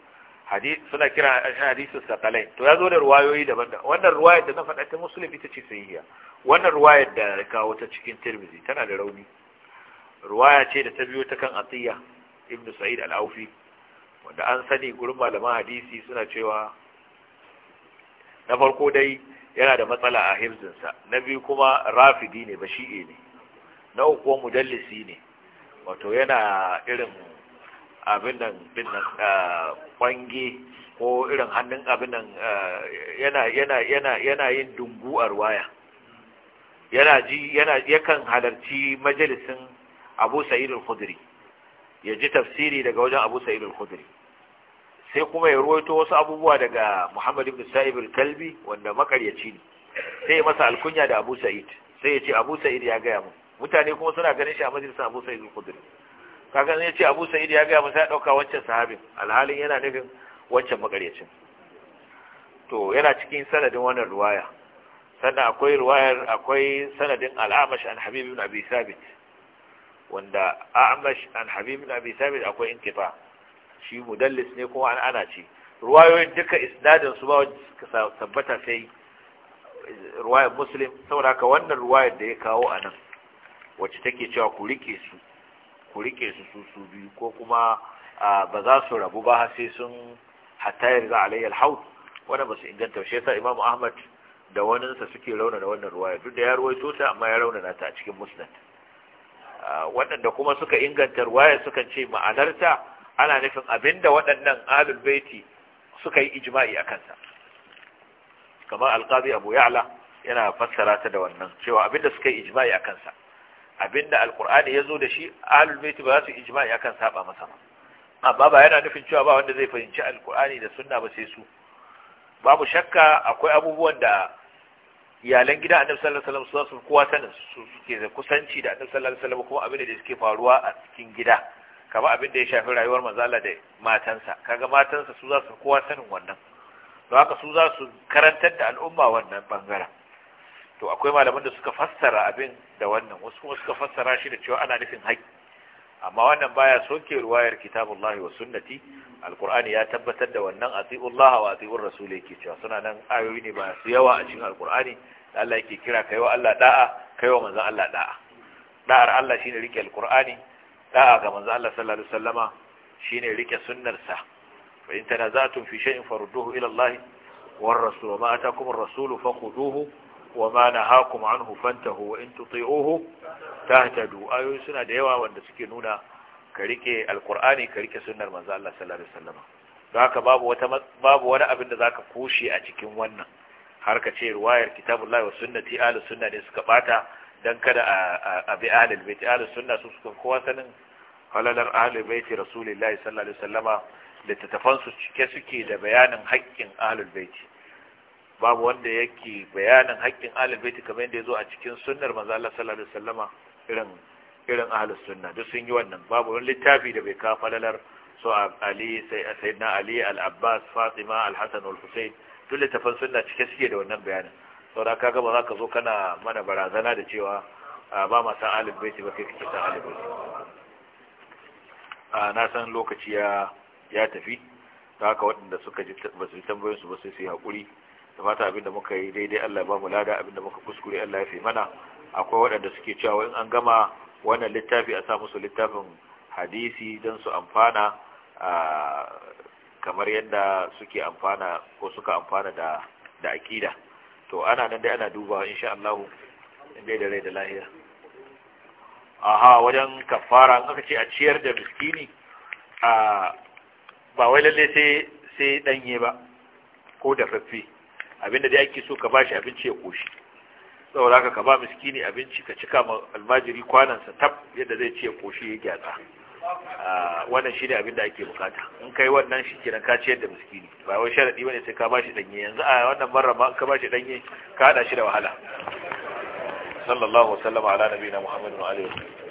hadisi suna kira hadisin sakalai to ya zo da ruwayoyi daban-daban wannan ruwayar da na faɗa ta muslim ita ce sahihiya wannan ruwayar da kawo ta cikin tirmidhi tana da rauni ruwaya ce da ta biyo ta kan atiya ibnu sa'id al-aufi wanda an sani gurin malaman hadisi suna cewa na farko dai yana da matsala a hifzinsa na biyu kuma rafidi ne ba shi'e ne na uku mudallisi ne wato yana irin abin nan din nan ah, kwange ko irin hannun abin nan ah, yana yana yana yana yin dungu a ruwaya yana ji yana yakan halarci majalisin Abu Sa'id al-Khudri ya ji tafsiri daga wajen Abu Sa'id al-Khudri sai kuma ya ruwaito wasu abubuwa daga Muhammad ibn Sa'ib al-Kalbi wanda makaryaci ne sai ya masa alkunya da Abu Sa'id sai ya ce Abu Sa'id ya gaya mu mutane kuma suna ganin shi a majalisa Abu Sa'id al-Khudri kaga ne yace Abu Sa'id ya ga masa ya dauka wancan sahabin alhalin yana nufin wancan magariyacin to yana cikin sanadin wannan ruwaya sannan akwai ruwayar akwai sanadin al-Amash an Habib ibn Abi Sabit wanda Amash an Habib ibn Abi Sabit akwai inkifa shi mudallis ne kuma an ana ce ruwayoyin duka isnadin su ba tabbata sai ruwayar Muslim saboda haka wannan ruwayar da ya kawo anan wacce take cewa ku rike su ku rike su su su biyu ko kuma ba za su rabu ba sai sun hatta yarda alayyar hau. wannan ba su inganta shi yasa imamu ahmad da waninsa suke da wannan ruwaya duk da ya ruwaito ta amma ya raunana ta a cikin musnad waɗanda kuma suka inganta ruwaya suka ce ma'anarta ana nufin abinda waɗannan alul baiti suka yi ijma'i a kansa kamar alqazi abu ya'la yana fassara ta da wannan cewa abinda suka yi ijma'i a kansa abinda alkur'ani ya zo da shi ahlul ba za su ijma'i akan saba masa ba amma ba yana nufin cewa ba wanda zai fahimci alkur'ani da sunna ba sai su babu shakka akwai abubuwan da iyalan gida annabi sallallahu alaihi wasallam su kowa sanin su suke da kusanci da annabi sallallahu alaihi wasallam kuma abin da suke faruwa a cikin gida kamar abin da ya shafi rayuwar manzo Allah da matansa kaga matansa su za su kowa sanin wannan don haka su za su karantar da al'umma wannan bangaren to akwai malaman da suka fassara abin da wannan wasu kuma suka fassara shi da cewa ana nufin haƙƙi amma wannan baya soke ruwayar kitabullahi wa sunnati alqur'ani ya tabbatar da wannan atiullah wa atiur rasul yake cewa suna nan ayoyi ne ba su yawa a cikin alqur'ani da Allah yake kira wa Allah da'a wa manzon Allah da'a da'ar Allah shine rike alqur'ani da'a ga manzon Allah sallallahu alaihi wasallama shine rike sunnar sa fa in tanaza'tum fi shay'in farudduhu ila Allah war rasul ma atakum ar-rasul fakhuduhu وما نهاكم عنه فانتهوا وإن تطيعوه تهتدوا أيوه سنة ديوة وأن سكنونا كريكي القرآن كريكي سنة المنزال الله صلى الله عليه وسلم babu wani abin da وانا أبن ذاك كوشي أتكين وانا harka ce ruwayar kitabullahi wa sunnati ahlus sunna ne suka bata dan kada a bi ahlul bait ahlus sunna su suka kowa sanin halalar ahlul bait rasulullahi sallallahu alaihi wasallama cike suke da bayanin haƙƙin ahlul bait babu wanda yake bayanin haƙƙin ahlul baiti kamar yadda yazo a cikin sunnar manzo Allah sallallahu alaihi wasallama irin irin ahlus sunna duk sun yi wannan babu wani littafi da bai kafa falalar so Ali sai sayyidina Ali al-Abbas Fatima al-Hasan wal husayn duk littafan sunna cike suke da wannan bayanin saboda kaga ba za ka zo kana mana barazana da cewa ba ma san ahlul baiti ba kai kake san ahlul baiti na san lokaci ya ya tafi ta haka waɗanda suka ji ba su tambayoyinsu ba sai su yi haƙuri da fata abinda muka yi daidai Allah ba mu lada abinda muka kuskure Allah ya fi mana akwai waɗanda suke cewa in an gama wannan littafi a sa musu littafin hadisi don su amfana kamar yadda suke amfana ko suka amfana da da akida to ana nan dai ana dubawa insha Allah in dai da rai da lahiya aha wajen kafara aka ce a ciyar da miskini a ba wai lalle sai sai danye ba ko da fafi abinda dai ake so ka bashi abinci ya koshi saboda haka ka ba miskini abinci ka cika ma almajiri kwanansa tab yadda zai ce koshi ya gyatsa ah, wannan shi ne abinda ake bukata in kai wannan shi kenan ka ciyar da miskini ba wai sharadi bane sai ka bashi danye yanzu a wannan marra ma ka bashi danye ka hada shi da wahala sallallahu alaihi wa sallam ala nabiyina muhammadin wa alihi wa